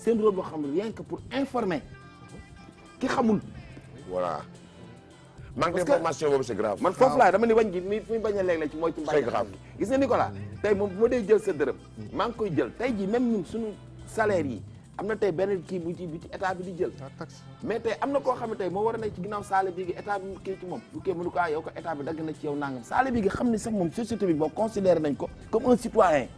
Speaker 4: seen rôle boo xam ne rien pour informer ki xamul. voilà. manque d'information boobu c'est grave. man foofu laa dama ni wañ gi mi bañ a léeg-léeg ci mooy ci mbay grave gis nga Nicolas moom bu ma maa ngi koy jël tey ji même ñun suñu yi am na tey benn kii bu ci bu ci état bi di jël mais tey am na koo xam ne moo war a nekk ci ginnaaw saale bi gi état bi kii ci moom bu kii mënu yow ko état bi dagg na ci yow nangam saale bi gi xam ne sax moom société bi boo considéré nañ ko comme un citoyen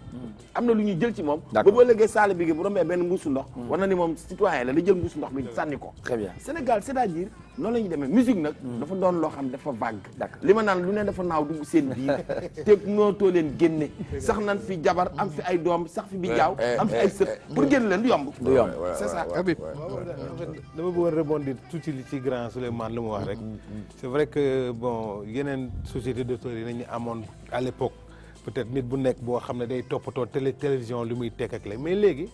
Speaker 4: amna luñu jël ci mom ba bo léegi saala bi bu romé ben mbuusu ndox hmm. war na ni mom citoyen la li jël mbuusu ndox bi sànni ko très bien Sénégal c'est-à-dire non lañu ñuy musique nak hmm. dafa doon lo xam dafa vague li ma nan lu né dafa naw dugg seen biir [LAUGHS] te to len génne sax nan fi jabar am fi ay dom sax fi bi jaaw am fi ay seuf pour génn len du yomb du yomb c'est ça Habib
Speaker 6: dama bu bëggoon rebondir tout li ci grand souleyman lu wax rek hmm, c'est vrai que bon yenen société de tour yi nañu amone à l'époque peut-être nit bu nek bo xamné day topoto télé télévision limuy muy ak la mais légui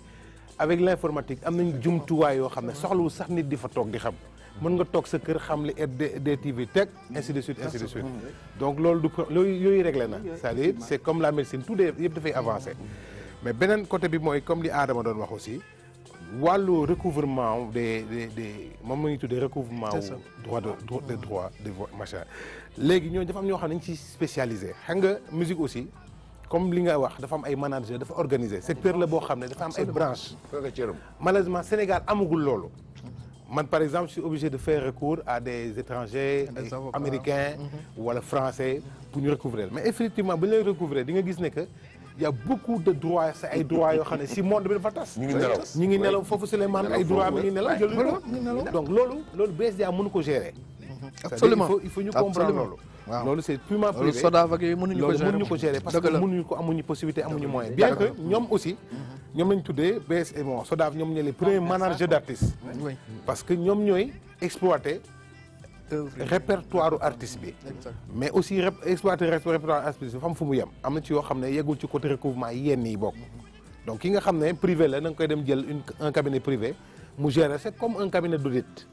Speaker 6: avec l'informatique am nañ jumtuwaay yoo xam ne soxlawul sax nit di fa toog di xam mën nga tok sa kër xam li DTV teg ainsi de suite ainsi de suite donc loolu du loolu yooyu réglé na c'est-à-dire c'est comme la médecine tout de da fay avancer mais benen côté bi moy comme li Adama doon wax aussi wàllu recouvrement des des des moom la ñuy recouvrement droit de droit de droit de machin les ñooñu dafa am ñoo xam ne ci spécialisé xam musique aussi comme li nga wax dafa am ay manager dafa organiser. secteur la boo xam ne dafa am ay branche malheureusement Sénégal amagul loolu man par exemple je suis obligé de faire recours à des étrangers des américains mhm. wala français pour nous recouvrir mais effectivement bu ñu lay recouvrer di nga gis ne que y a beaucoup de droits c'est ay droits yo xamné ne monde bi dafa tass ñu ngi nelaw ñu ngi nelaw les man ay droits mi ngi nelaw donc lolu lolu loolu BSDA mënu ko gérer absolument il faut nous comprendre loolu. waaw loolu c' est privé loolu Sodav ak yooyu mënuñu ko gérer loolu mënuñu gérer parce que mënuñu ko amuñu possibilité amuñu moyen. bien que ñoom aussi. Mhm. ñoom lañ tuddee et bon Soda, ñoom ñooy les premiers ah, managers d'artistes. oui parce que ñoom ñooy exploiter. répertoire artiste mais aussi exploiter répertoire artiste bi fam fu mu yem. am ci yo xamné ne ci côté recouvrement yi yenn yi bokk. Mhm. donc ki nga xamné privé la na koy dem jël un cabinet privé mu gérer c'est comme un cabinet d'audit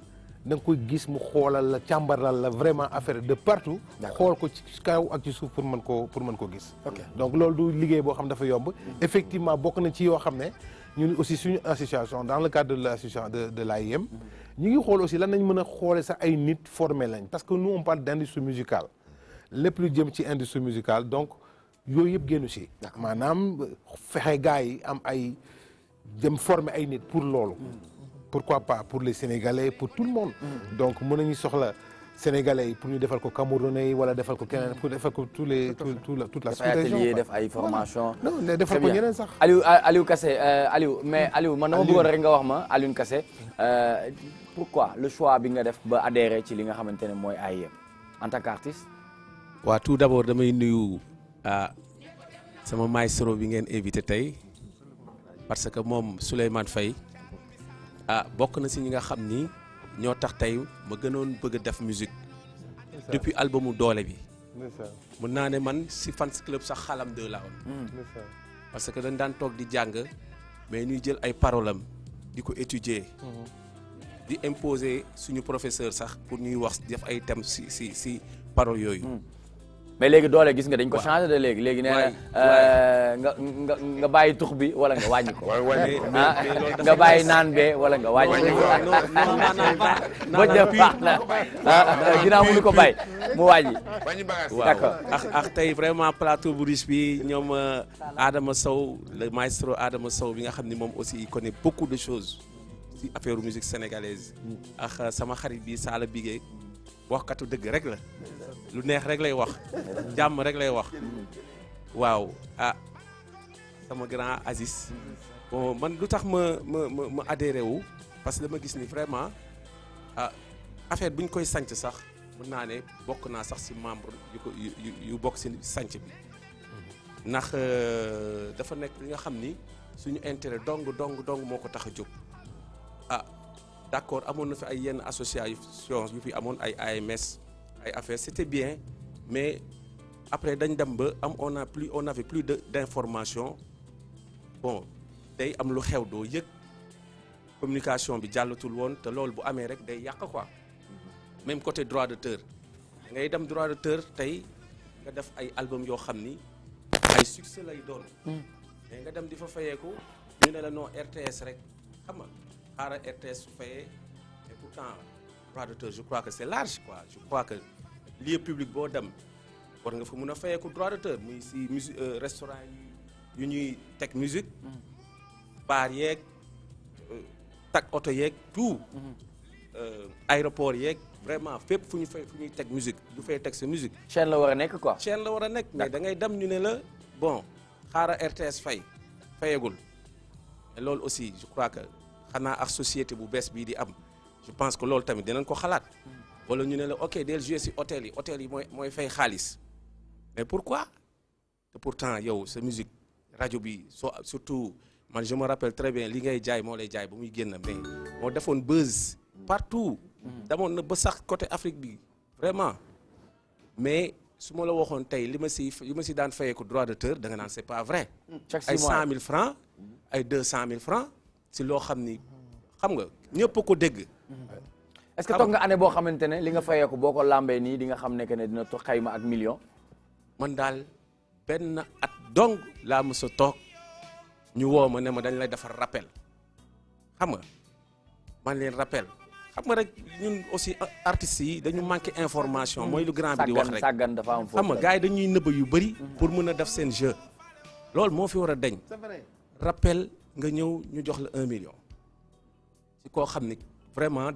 Speaker 6: dang koy gis mu xolal la càmbaral la vraiment affaire de partout xol ko ci kaw ak ci souf pour man ko pour man ko gis donc lolou du liguey bo, xam dafa yomb mhm. effectivement bokk na ci yo xamne ne ñun aussi suñu association dans le cadre de l'association de de l'AIM mhm. ñi ngi xol aussi lan nañ mëna xolé sa ay nit formé lañ parce que nous on parle d'industrie musicale le plus jëm ci industrie musicale donc yoy yeb génnu ci manam fexe gaay am ay dem former ay nit pour lolou mhm pourquoi pas pour les Sénégalais pour tout le monde. Mm. donc mën nañu soxla Sénégalais pour ñu defal ko Camerounais yi wala defal ko keneen pour defal ko tous les tout tout la toute la. sous-région ay formations. non mais defal ko ñeneen sax. Aliou ah,
Speaker 2: Aliou Kassé euh, Aliou mais Aliou man vous bëggoon rek nga wax ma Aliou Kassé euh, pourquoi le choix bi nga def ba adhéré ci li nga xamante ne mooy en tant qu'artiste.
Speaker 8: waaw tout d'abord damay nuyu ah, sama maestro bi ngeen invité parce que moom Souleymane Faye ah bokk na si ñi nga xam ni ñoo tax tey ma gënoon bëgg a def musique depuis albumu doole bi mun naa ne man si fans club sax xalam de la woon hmm. parce que dañ daan toog di jàng mais ñuy jël ay paroles am di ko étudier hmm. di imposer suñu
Speaker 2: professeur sax pour ñuy wax def ay thèmes si si si paroles yooyu hmm. mais léegi doole gis nga dañ ko changé de léegi léegi nee na euh, nga nga bàyyi tux bi wala nga wàññi ko ah, nga bàyyi naan bee wala nga wàññi ko ba jëf baax na ah, ginnaaw mënu ko bàyyi mu wàññi d'accord
Speaker 8: tey vraiment plateau bu riche bi ñoom euh, Adama Sow la maestro Adama Sow bi nga xam ni moom aussi il connaît beaucoup de choses ci affaire musique sénégalaise mm. ak euh, sama xarit bi Sala Bigué waxkatu dëgg rek la lu neex rek lay wax jàmm rek lay wax waaw ah sama grand Aziz bon man lu tax ma ma ma ma wu parce que dama gis ni vraiment a ah, affaire buñ koy sanc sax mun naa ne bokk naa sax si membre yu ko yu yu bokk si sanc bi ndax euh, dafa nekk li nga xam ni suñu intérêt dong dong dong moo ko tax a jóg ah d'accord amoon na fi ay yenn association yu fi amoon ay AMS ay affaire c'était bien mais après dañ dem ba am on a plus on avait plus d'informations. d'information bon day am lu xew doo yëg communication bi jàllatul woon te loolu bu amee rek day yàq quoi même côté droit d'auteur ngay dem droit d'auteur tey nga def ay album yoo xam ni ay succès lay doon hmm. mais nga dem di fa fayeeku la non RTS rek xam nga xaaral RTS su fayee et pourtant droit d'auteur je crois que c'est large quoi je crois que lieu public bo dem war nga fa mëna fayé ko droit d'auteur muy si musique euh, restaurant yi yu ñuy tek musique mm. baar yeeg euh, tak oto yeeg tout mm-hmm. euh aéroport yeeg vraiment fep fuñu fay fu tek musique du fay tek sa musique chaîne la wara nek quoi chaîne la wara nek mais da ngay dem ñu né la bon xara RTS fay fayagul mais loolu aussi je crois que xana ak société bu bess bi di am je pense que lool tamit dinañ ko xalaat mm wala ñu ne la ok del jouer ci hôtel yi hôtel yi mooy mooy fay xaalis mais pourquoi te pourtant yow sa musique rajo bi surtout man je me rappelle très bien li ngay jaay moo lay jaay ba muy génn mais moo defoon buzz partout damoon na ba sax côté Afrique bi vraiment mais su ma la waxoon tey li ma si li ma si daan fayee ko droit d'auteur da nga naan c'est pas vrai ay cent mille francs ay deux
Speaker 2: cent mille francs si loo xam ni xam nga ñëpp ko dégg est-ce que ah toog nga année boo xamante ne li nga fayeeku boo ko làmbee nii di nga xam ne que ne dina xayma ak million.
Speaker 8: man daal benn at dong laa mës a toog ñu woo ma ne ma dañ lay defar rappel xam nga man leen rappel xam nga rek ñun aussi artistes yi dañu manqué information. Hmm. mooy lu grand bi di wax rek sàggan dafa am foofu xam nga gars yi dañuy nëbb yu bëri. Hmm. pour mën a def seen jeu. loolu moo fi war a deñ rappel nga ñëw ñu jox la un million. ci koo xam ni vraiment.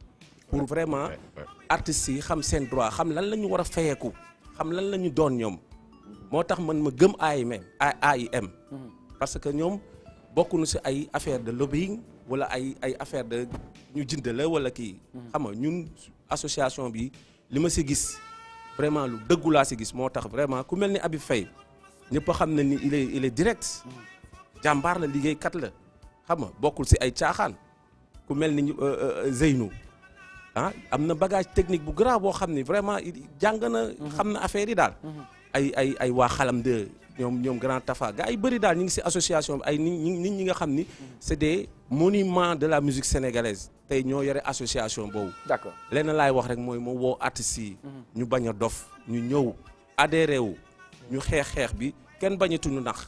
Speaker 8: pour vraiment artistes yi xam sen droit xam lan lañu wara fayeku xam lan lañu doon ñom motax man ma gëm AIM AIM mm-hmm. parce que bokku bokkuñu ci ay affaire de lobbying wala ay ay affaire de ñu jënd la wala ki mm-hmm. xam nga ñun association bi lima ma ci gis vraiment lu deggu la ci gis motax vraiment ku melni ni Fay Faye xam ne ni il est il est direct mm-hmm. jambar la kat la xam nga bokkul ci ay tiaxan ku melni euh, euh, Zeynou ah am na bagage technique bu grand boo xam ni vraiment jàng na. xam na affaire yi daal. Mhm. ay ay ay waa xalam de ñoom ñoom grand tafa gaa yi bëri daal ñu ngi si association ay nit ñi nga xam ni. Mhm. c'est des monuments de la musique sénégalaise tey ñoo yore association boobu. d'accord lenn laay wax rek mooy moo woo artistes yi. Mhm. ñu bañ a dof ñu ñëw adhéré wu. ñu xeex xeex bi kenn bañatuñu nax.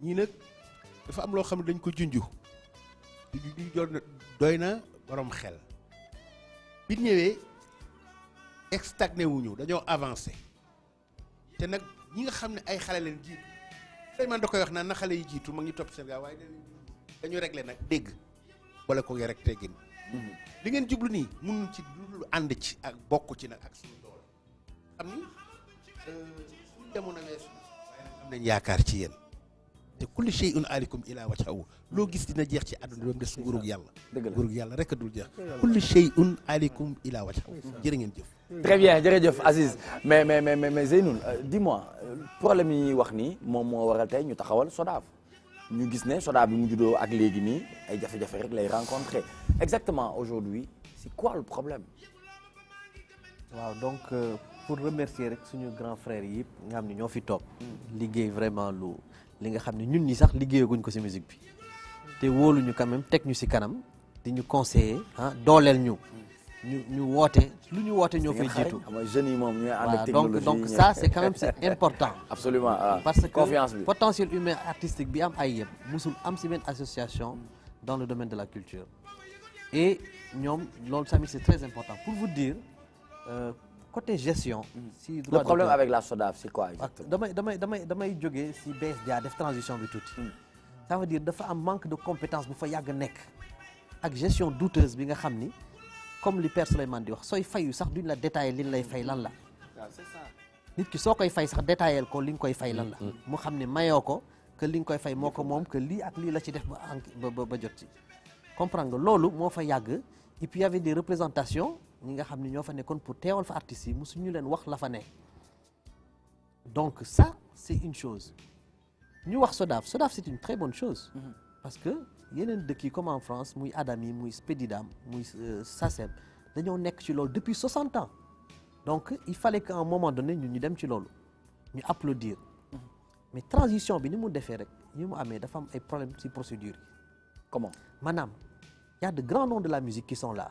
Speaker 9: ñii nag dafa am loo xam ne dañ ko junju di doy na boroom xel bi ñëwee stagné wuñu dañoo avancé te nag ñi nga xam ne ay xale leen jiitu tey man da koy wax xale yi jiitu ma ngi topp seen gaa waaye dañu regle nag dégg wala ko rek teggin li ngeen jublu nii mun ci lu ànd ci ak bokk ci nag ak suñu doole xam euh, am nañ yaakaar ci yéen te kulli shay'un alikum ila wajhahu lo gis dina jeex ci aduna doom dess nguurug yalla nguurug yalla rek a dul jeex kulli shay'un
Speaker 2: alikum ila wajhahu jere ngeen jeuf très bien jere jeuf Aziz mais mais mais mais mais euh, dis-moi problème yi wax ni mom mo waral tay ñu taxawal sodaf ñu gis ne SODAV bi mu juddoo ak léegi ni ay jafé jafé rek lay rencontrer exactement aujourd'hui c'est quoi le problème
Speaker 7: waaw donc euh, pour remercier rek suñu grand frère yi nga xam ne ñoo fi toog mm. vraiment lu li nga xamné ñun ni sax liggéeyaguñ ko ci musique bi te wóoluñu quand même tek ñu ci kanam di ñu conseiller ah dolel ñu. ñu ñu woté lu ñu woote ñoo fay jiitu. mooy jeunes yi moom ñooy ànd ak technologie donc donc ça c'est quand même c'est [LAUGHS] important. absolument ah, parce que potentiel humain artistique bi am ay yëpp musul am ci ben association dans le domaine de la culture et ñoom loolu tamit c'est très important pour vous dire. euh, côté gestion. Mm. le problème avec la
Speaker 2: Sodaf c'est quoi ah, exactement.
Speaker 7: damay damay a damay transition de tout. Mm. ça veut dire a un manque de compétence bu fa gestion douteuse comme li Père Souleymane dit, wax il fayu sax duñ la il faut faire. fay lan la. Ah, ça. nit ki fay sax Il mm, que koy que ak la ci et puis y avait des représentations ñi nga xamni ne ñoo fa nekkoon pour téwol fa artistes yi leen wax la fa donc ça c'est une chose ñu wax SodaF. SodaF c'est une très bonne chose mhm. parce que comme en France muy Adami muy Spedidam muy euh, SACEM dañoo nekk ci loolu depuis 60 ans donc il fallait qu'à un moment donné nous ñu dem ci ñu applaudir mhm. mais transition bi ni mu defee rek ni mu amee dafa am ay problèmes ci procédure Comment? Madame, il y a de grands noms de la musique qui sont là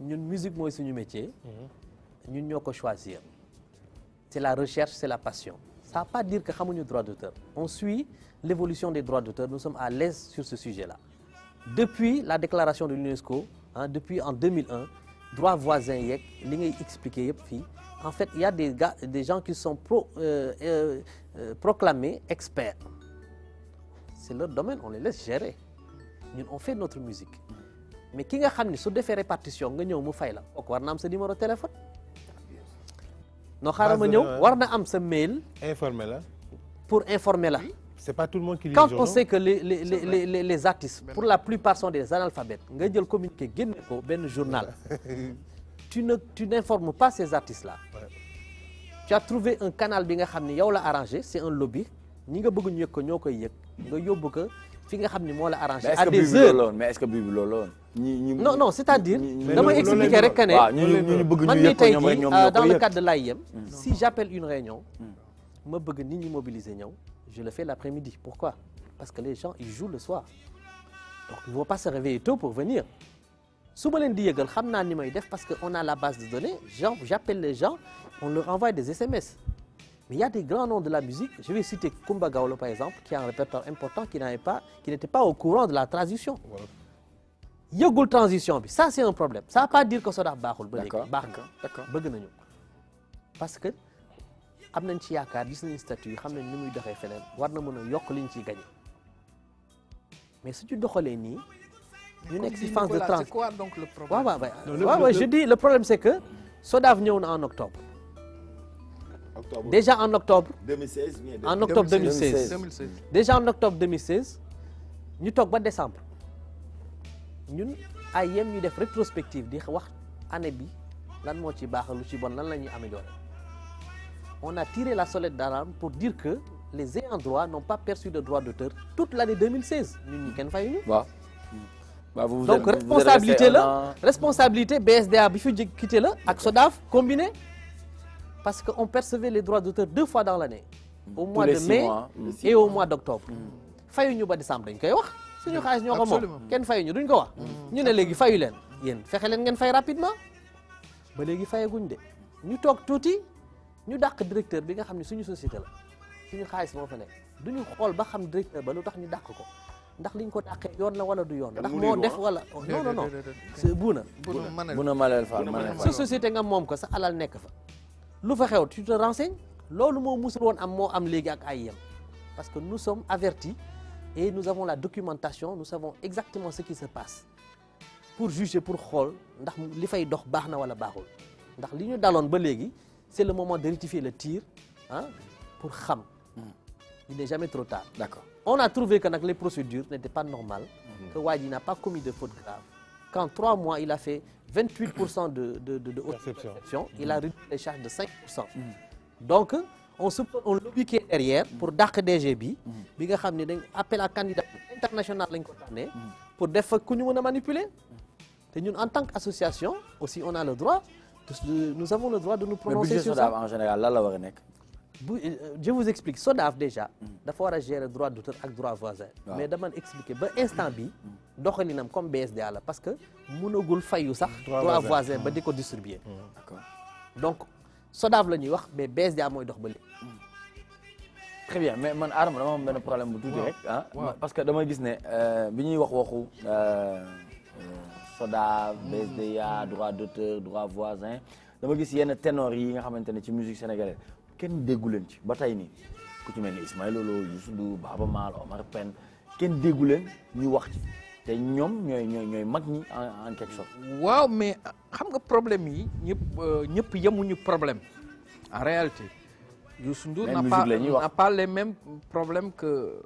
Speaker 7: Nous musique est notre métier. Mhm. Nous choisir. c'est la recherche c'est la passion. ça ne veut pas dire que nous des droit d'auteur on suit l'évolution des droits d'auteur nous sommes à l'aise sur ce sujet-là. depuis la déclaration de l'UNESCO hein, depuis en 2001 droit voisins, voisins, li en fait il y a des gens qui sont euh, euh, euh, proclamés experts c'est leur domaine on les laisse gérer on fait notre musique mais ki nga xamni su défé répartition nga ñëw mu fay la ok war na am sa numéro téléphone. no xaaral ma ñëw war na am sa mail. informer la. pour informer la.
Speaker 6: c'est pas tout le monde qui lit quand on sait que les les les les
Speaker 7: les artistes pour la plupart sont des analphabètes nga jël communiqué génne ko ben journal. [LAUGHS] tu ne tu n'informes pas ces artistes là. tu as trouvé un canal bi nga xamni yow la arrangé c'est un lobby ñi nga bëgg ñëk ñokoy ko nga yobbu ko fi nga xamni mo la arrangé. à des heures
Speaker 2: mais est-ce que Bibi loolu
Speaker 7: non non c'est-à-dire expliquer euh, dans le cadre de l'AIM si j'appelle une réunion ma je le fais l'après-midi pourquoi parce que les gens ils jouent le soir donc ils ne vont pas se réveiller tôt pour venir Si je que parce qu'on a la base de données j'appelle les gens on leur envoie des SMS mais il y a des grands noms de la musique je vais citer Kumba Gaolo par exemple qui a un répertoire important qui n'avait pas qui n'était pas au courant de la traduction yëgul transition bi ça c'est un problème ça pas dire que SODAV va ba léegi D'accord. na bëgg nañu parce que am nañ ci yaakaar gis nañu statut yi xam nañ ni muy doxee feneen war na mën a yokk liñ ciy gagné mais su ci doxalee nii. ñu nekk si phase de transition c'est quoi donc le problème. Oui waaw waaw je dis le problème c'est que SODAV ñëw na en octobre. octobre déjà en octobre. 2016 en octobre 2016. 2016 déjà en octobre 2016 ñu toog ba décembre ñun ay yem ñu def rétrospective di wax année bi lan mo ci baax lu ci bon lan la améliorer on a tiré la solette d'alarme pour dire que les ayants droit n'ont pas perçu de droits d'auteur toute l'année 2016 ñun ñu kenn ñu wa waaw
Speaker 2: bah, vous donc responsabilité là
Speaker 7: responsabilité BSDA bi fi quitté la ak Sodaf combiné parce qu'on percevait les droits d'auteur deux fois dans l'année au mois de mai hein. et au mois d'octobre mm. ñu ba décembre dañ koy wax. suñu xaalis ñoo ko moom fay fayuñu duñ ko wax ñu ne léegi fayu leen yéen fexe leen ngeen fay rapidement ba léegi fayaguñ de ñu toog tuuti ñu dàq directeur bi nga xam ne suñu société la suñu xaalis moo fa nekk duñu xool ba xam directeur ba lu tax ñu dàq ko ndax liñ ko dàqee yoon la wala du yoon ndax moo def wala oh, non non non buuna buuna maleel fa sa société nga moom ko sa alal nekk fa lu fa xew tu te loolu moo musul woon am moo am léegi ak ay yem parce que nous sommes avertis et nous avons la documentation, nous savons exactement ce qui se passe pour juger, pour Khol, ndax li fay dox wala ndax c'est le moment de rectifier le tir hein, pour xam. Hmm. il n'est jamais trop tard. D'accord. On a trouvé que les procédures n'étaient pas normales, hmm. que Wadi n'a pas commis de faute grave. Qu'en trois mois, il a fait 28% de, de, de, haute perception, il a hmm. réduit les charges de 5%. Donc, on se, on lobby qui derrière pour dàq DGB, mm. bi. nga xamni dañ appel à candidat international lañ ko mm. pour def ko ñu mën manipuler. té ñun en tant qu'association aussi on a le droit nous avons le droit de nous prononcer sur ça mais en
Speaker 2: général là, la war nek
Speaker 7: euh, je vous explique sodaf déjà. Mm. da war gérer droit d'auteur ak droit voisin. mais dama expliquer ba instant bi doxalinam comme BSDA la parce que mënagul fayu sax. droit voisin ba diko distribuer. d'accord donc. SODAV la ñuy wax mais BSDA mooy dox ba léegi.
Speaker 2: très bien mais man arme dama am benn problème bu tuuti rek. ah parce que dama gis né euh biñuy wax waxu. euh, euh SODAV hmm. BSDA droit d'auteur droit voisin dama gis yenn ténor yi nga xamante ci musique sénégalaise kenn déggu ci ba tay ni ku ci melni ni Ismaël Lô Youssou Ndour Baaba Maal Omar pen kenn déggu leen ñu wax ci. Wow en quelque mais xam problème yi
Speaker 3: euh, y a problème en réalité. Youssou n'a pas les mêmes problèmes que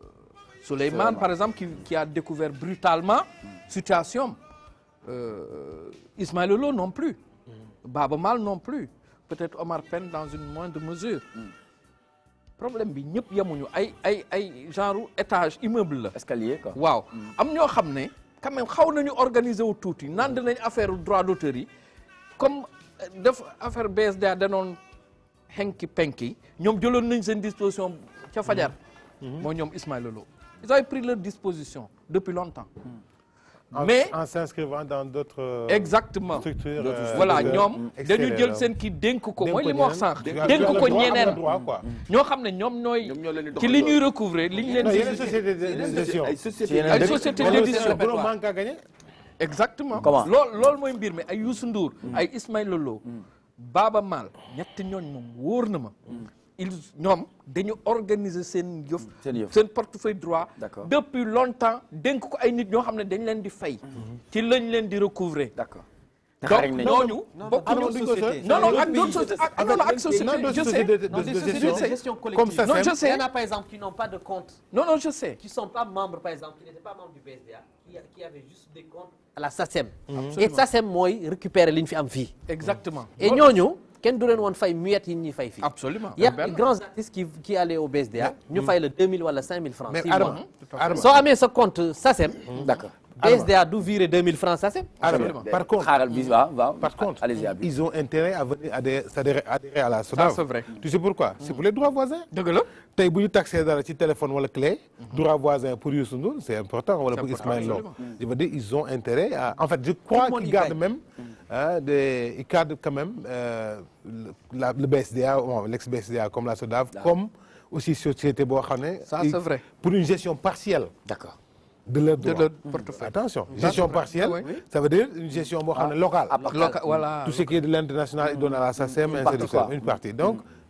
Speaker 3: Suleiman, par exemple qui, a découvert brutalement la situation euh, Ismaël non plus mm. non plus peut-être Omar Pène dans une moindre mesure mm problème bi ñëpp yemuñu ay ay ay genre étage immeuble la. escalier quoi waaw. Hmm. am ñoo xamné ne quand même xaw nañu organiser wu touti nand nañ affaire droit d'auteur yi comme euh, def affaire BSDA danoon henki penki ñom jëloon nañ sen disposition ca fajar. Hmm. Hmm. mo ñom Ismaïla Lo ils avaient pris leur disposition depuis longtemps
Speaker 6: mais en s'inscrivant dans d'autres euh,
Speaker 3: exactement structures euh, voilà ñom dañu jël sen ki dénk ko moy li mo wax sànq dénk ko ñeneen mm. ñoo xam ne ñoom nooy
Speaker 8: ci li ñuy recouvrer li ñu leen di société d'édition ay société d'édition manque à gagner
Speaker 3: exactement lool loolu moy mbir mi ay Youssou Ndour mm. ay Ismaïla Lo mm. baba mal ñett ñooñ mom wóor na ma ils ont organisé organiser portefeuille droit depuis longtemps Ils ko ay nit ñoo dañ leen donc nous non non non d'autres non non il
Speaker 7: y en a par exemple qui n'ont pas de compte non non je sais qui sont pas membres par exemple qui n'étaient pas membres du qui avaient juste des comptes à la et récupérer exactement et nous Ken fay absolument y' a des grands artistes qui qui allaient au BSDA. nous fay le 2000 wala 5000 francs. mais Arma soo amee ça compte c'est... Mmh, d'accord BSDA vire virer 2000 francs Absolument. par contre par contre ils ont
Speaker 6: intérêt à venir adhérer à la SONAR. c'est vrai tu sais pourquoi. c'est pour les droits voisins. Tu la tey bu taxé dara ci téléphone wala clé. Mmh. droits voisins pour Youssou c'est important wala pour Ismaël je veux dire ils ont intérêt à en fait je crois qu'ils gardent même. Mmh. Hein, des, ils cadrent quand même euh, le BSDA, l'ex-BSDA comme la SODAV, comme aussi société Boakane. Pour une gestion partielle. D'accord. De leur, portefeuille. Attention, gestion partielle, ça veut dire une gestion ah, locale. Voilà. Tout ce qui est de l'international, ils donnent à la SACEM, Une partie. Donc, mm.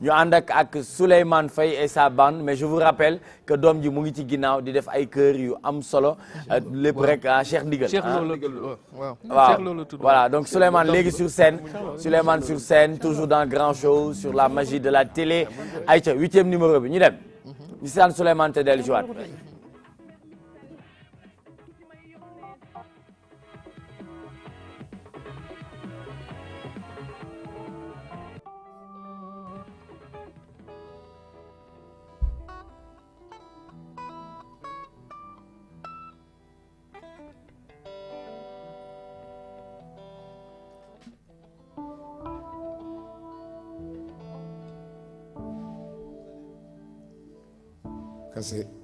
Speaker 2: Nous avons avec Suleiman Souleymane Faye et sa bande mais je vous rappelle que Dom du Mouiti ngi ci ginnaaw di def ay kër yu am solo. à Cheikh ah, Cheikh Ndigal ah. waaw voilà donc Souleymane légué sur scène. Souleymane sur scène toujours dans grand show sur la magie de la télé. Aïcha, huitième numéro bi ñu dem. Mhm. ñu seetaan Souleymane te
Speaker 1: hace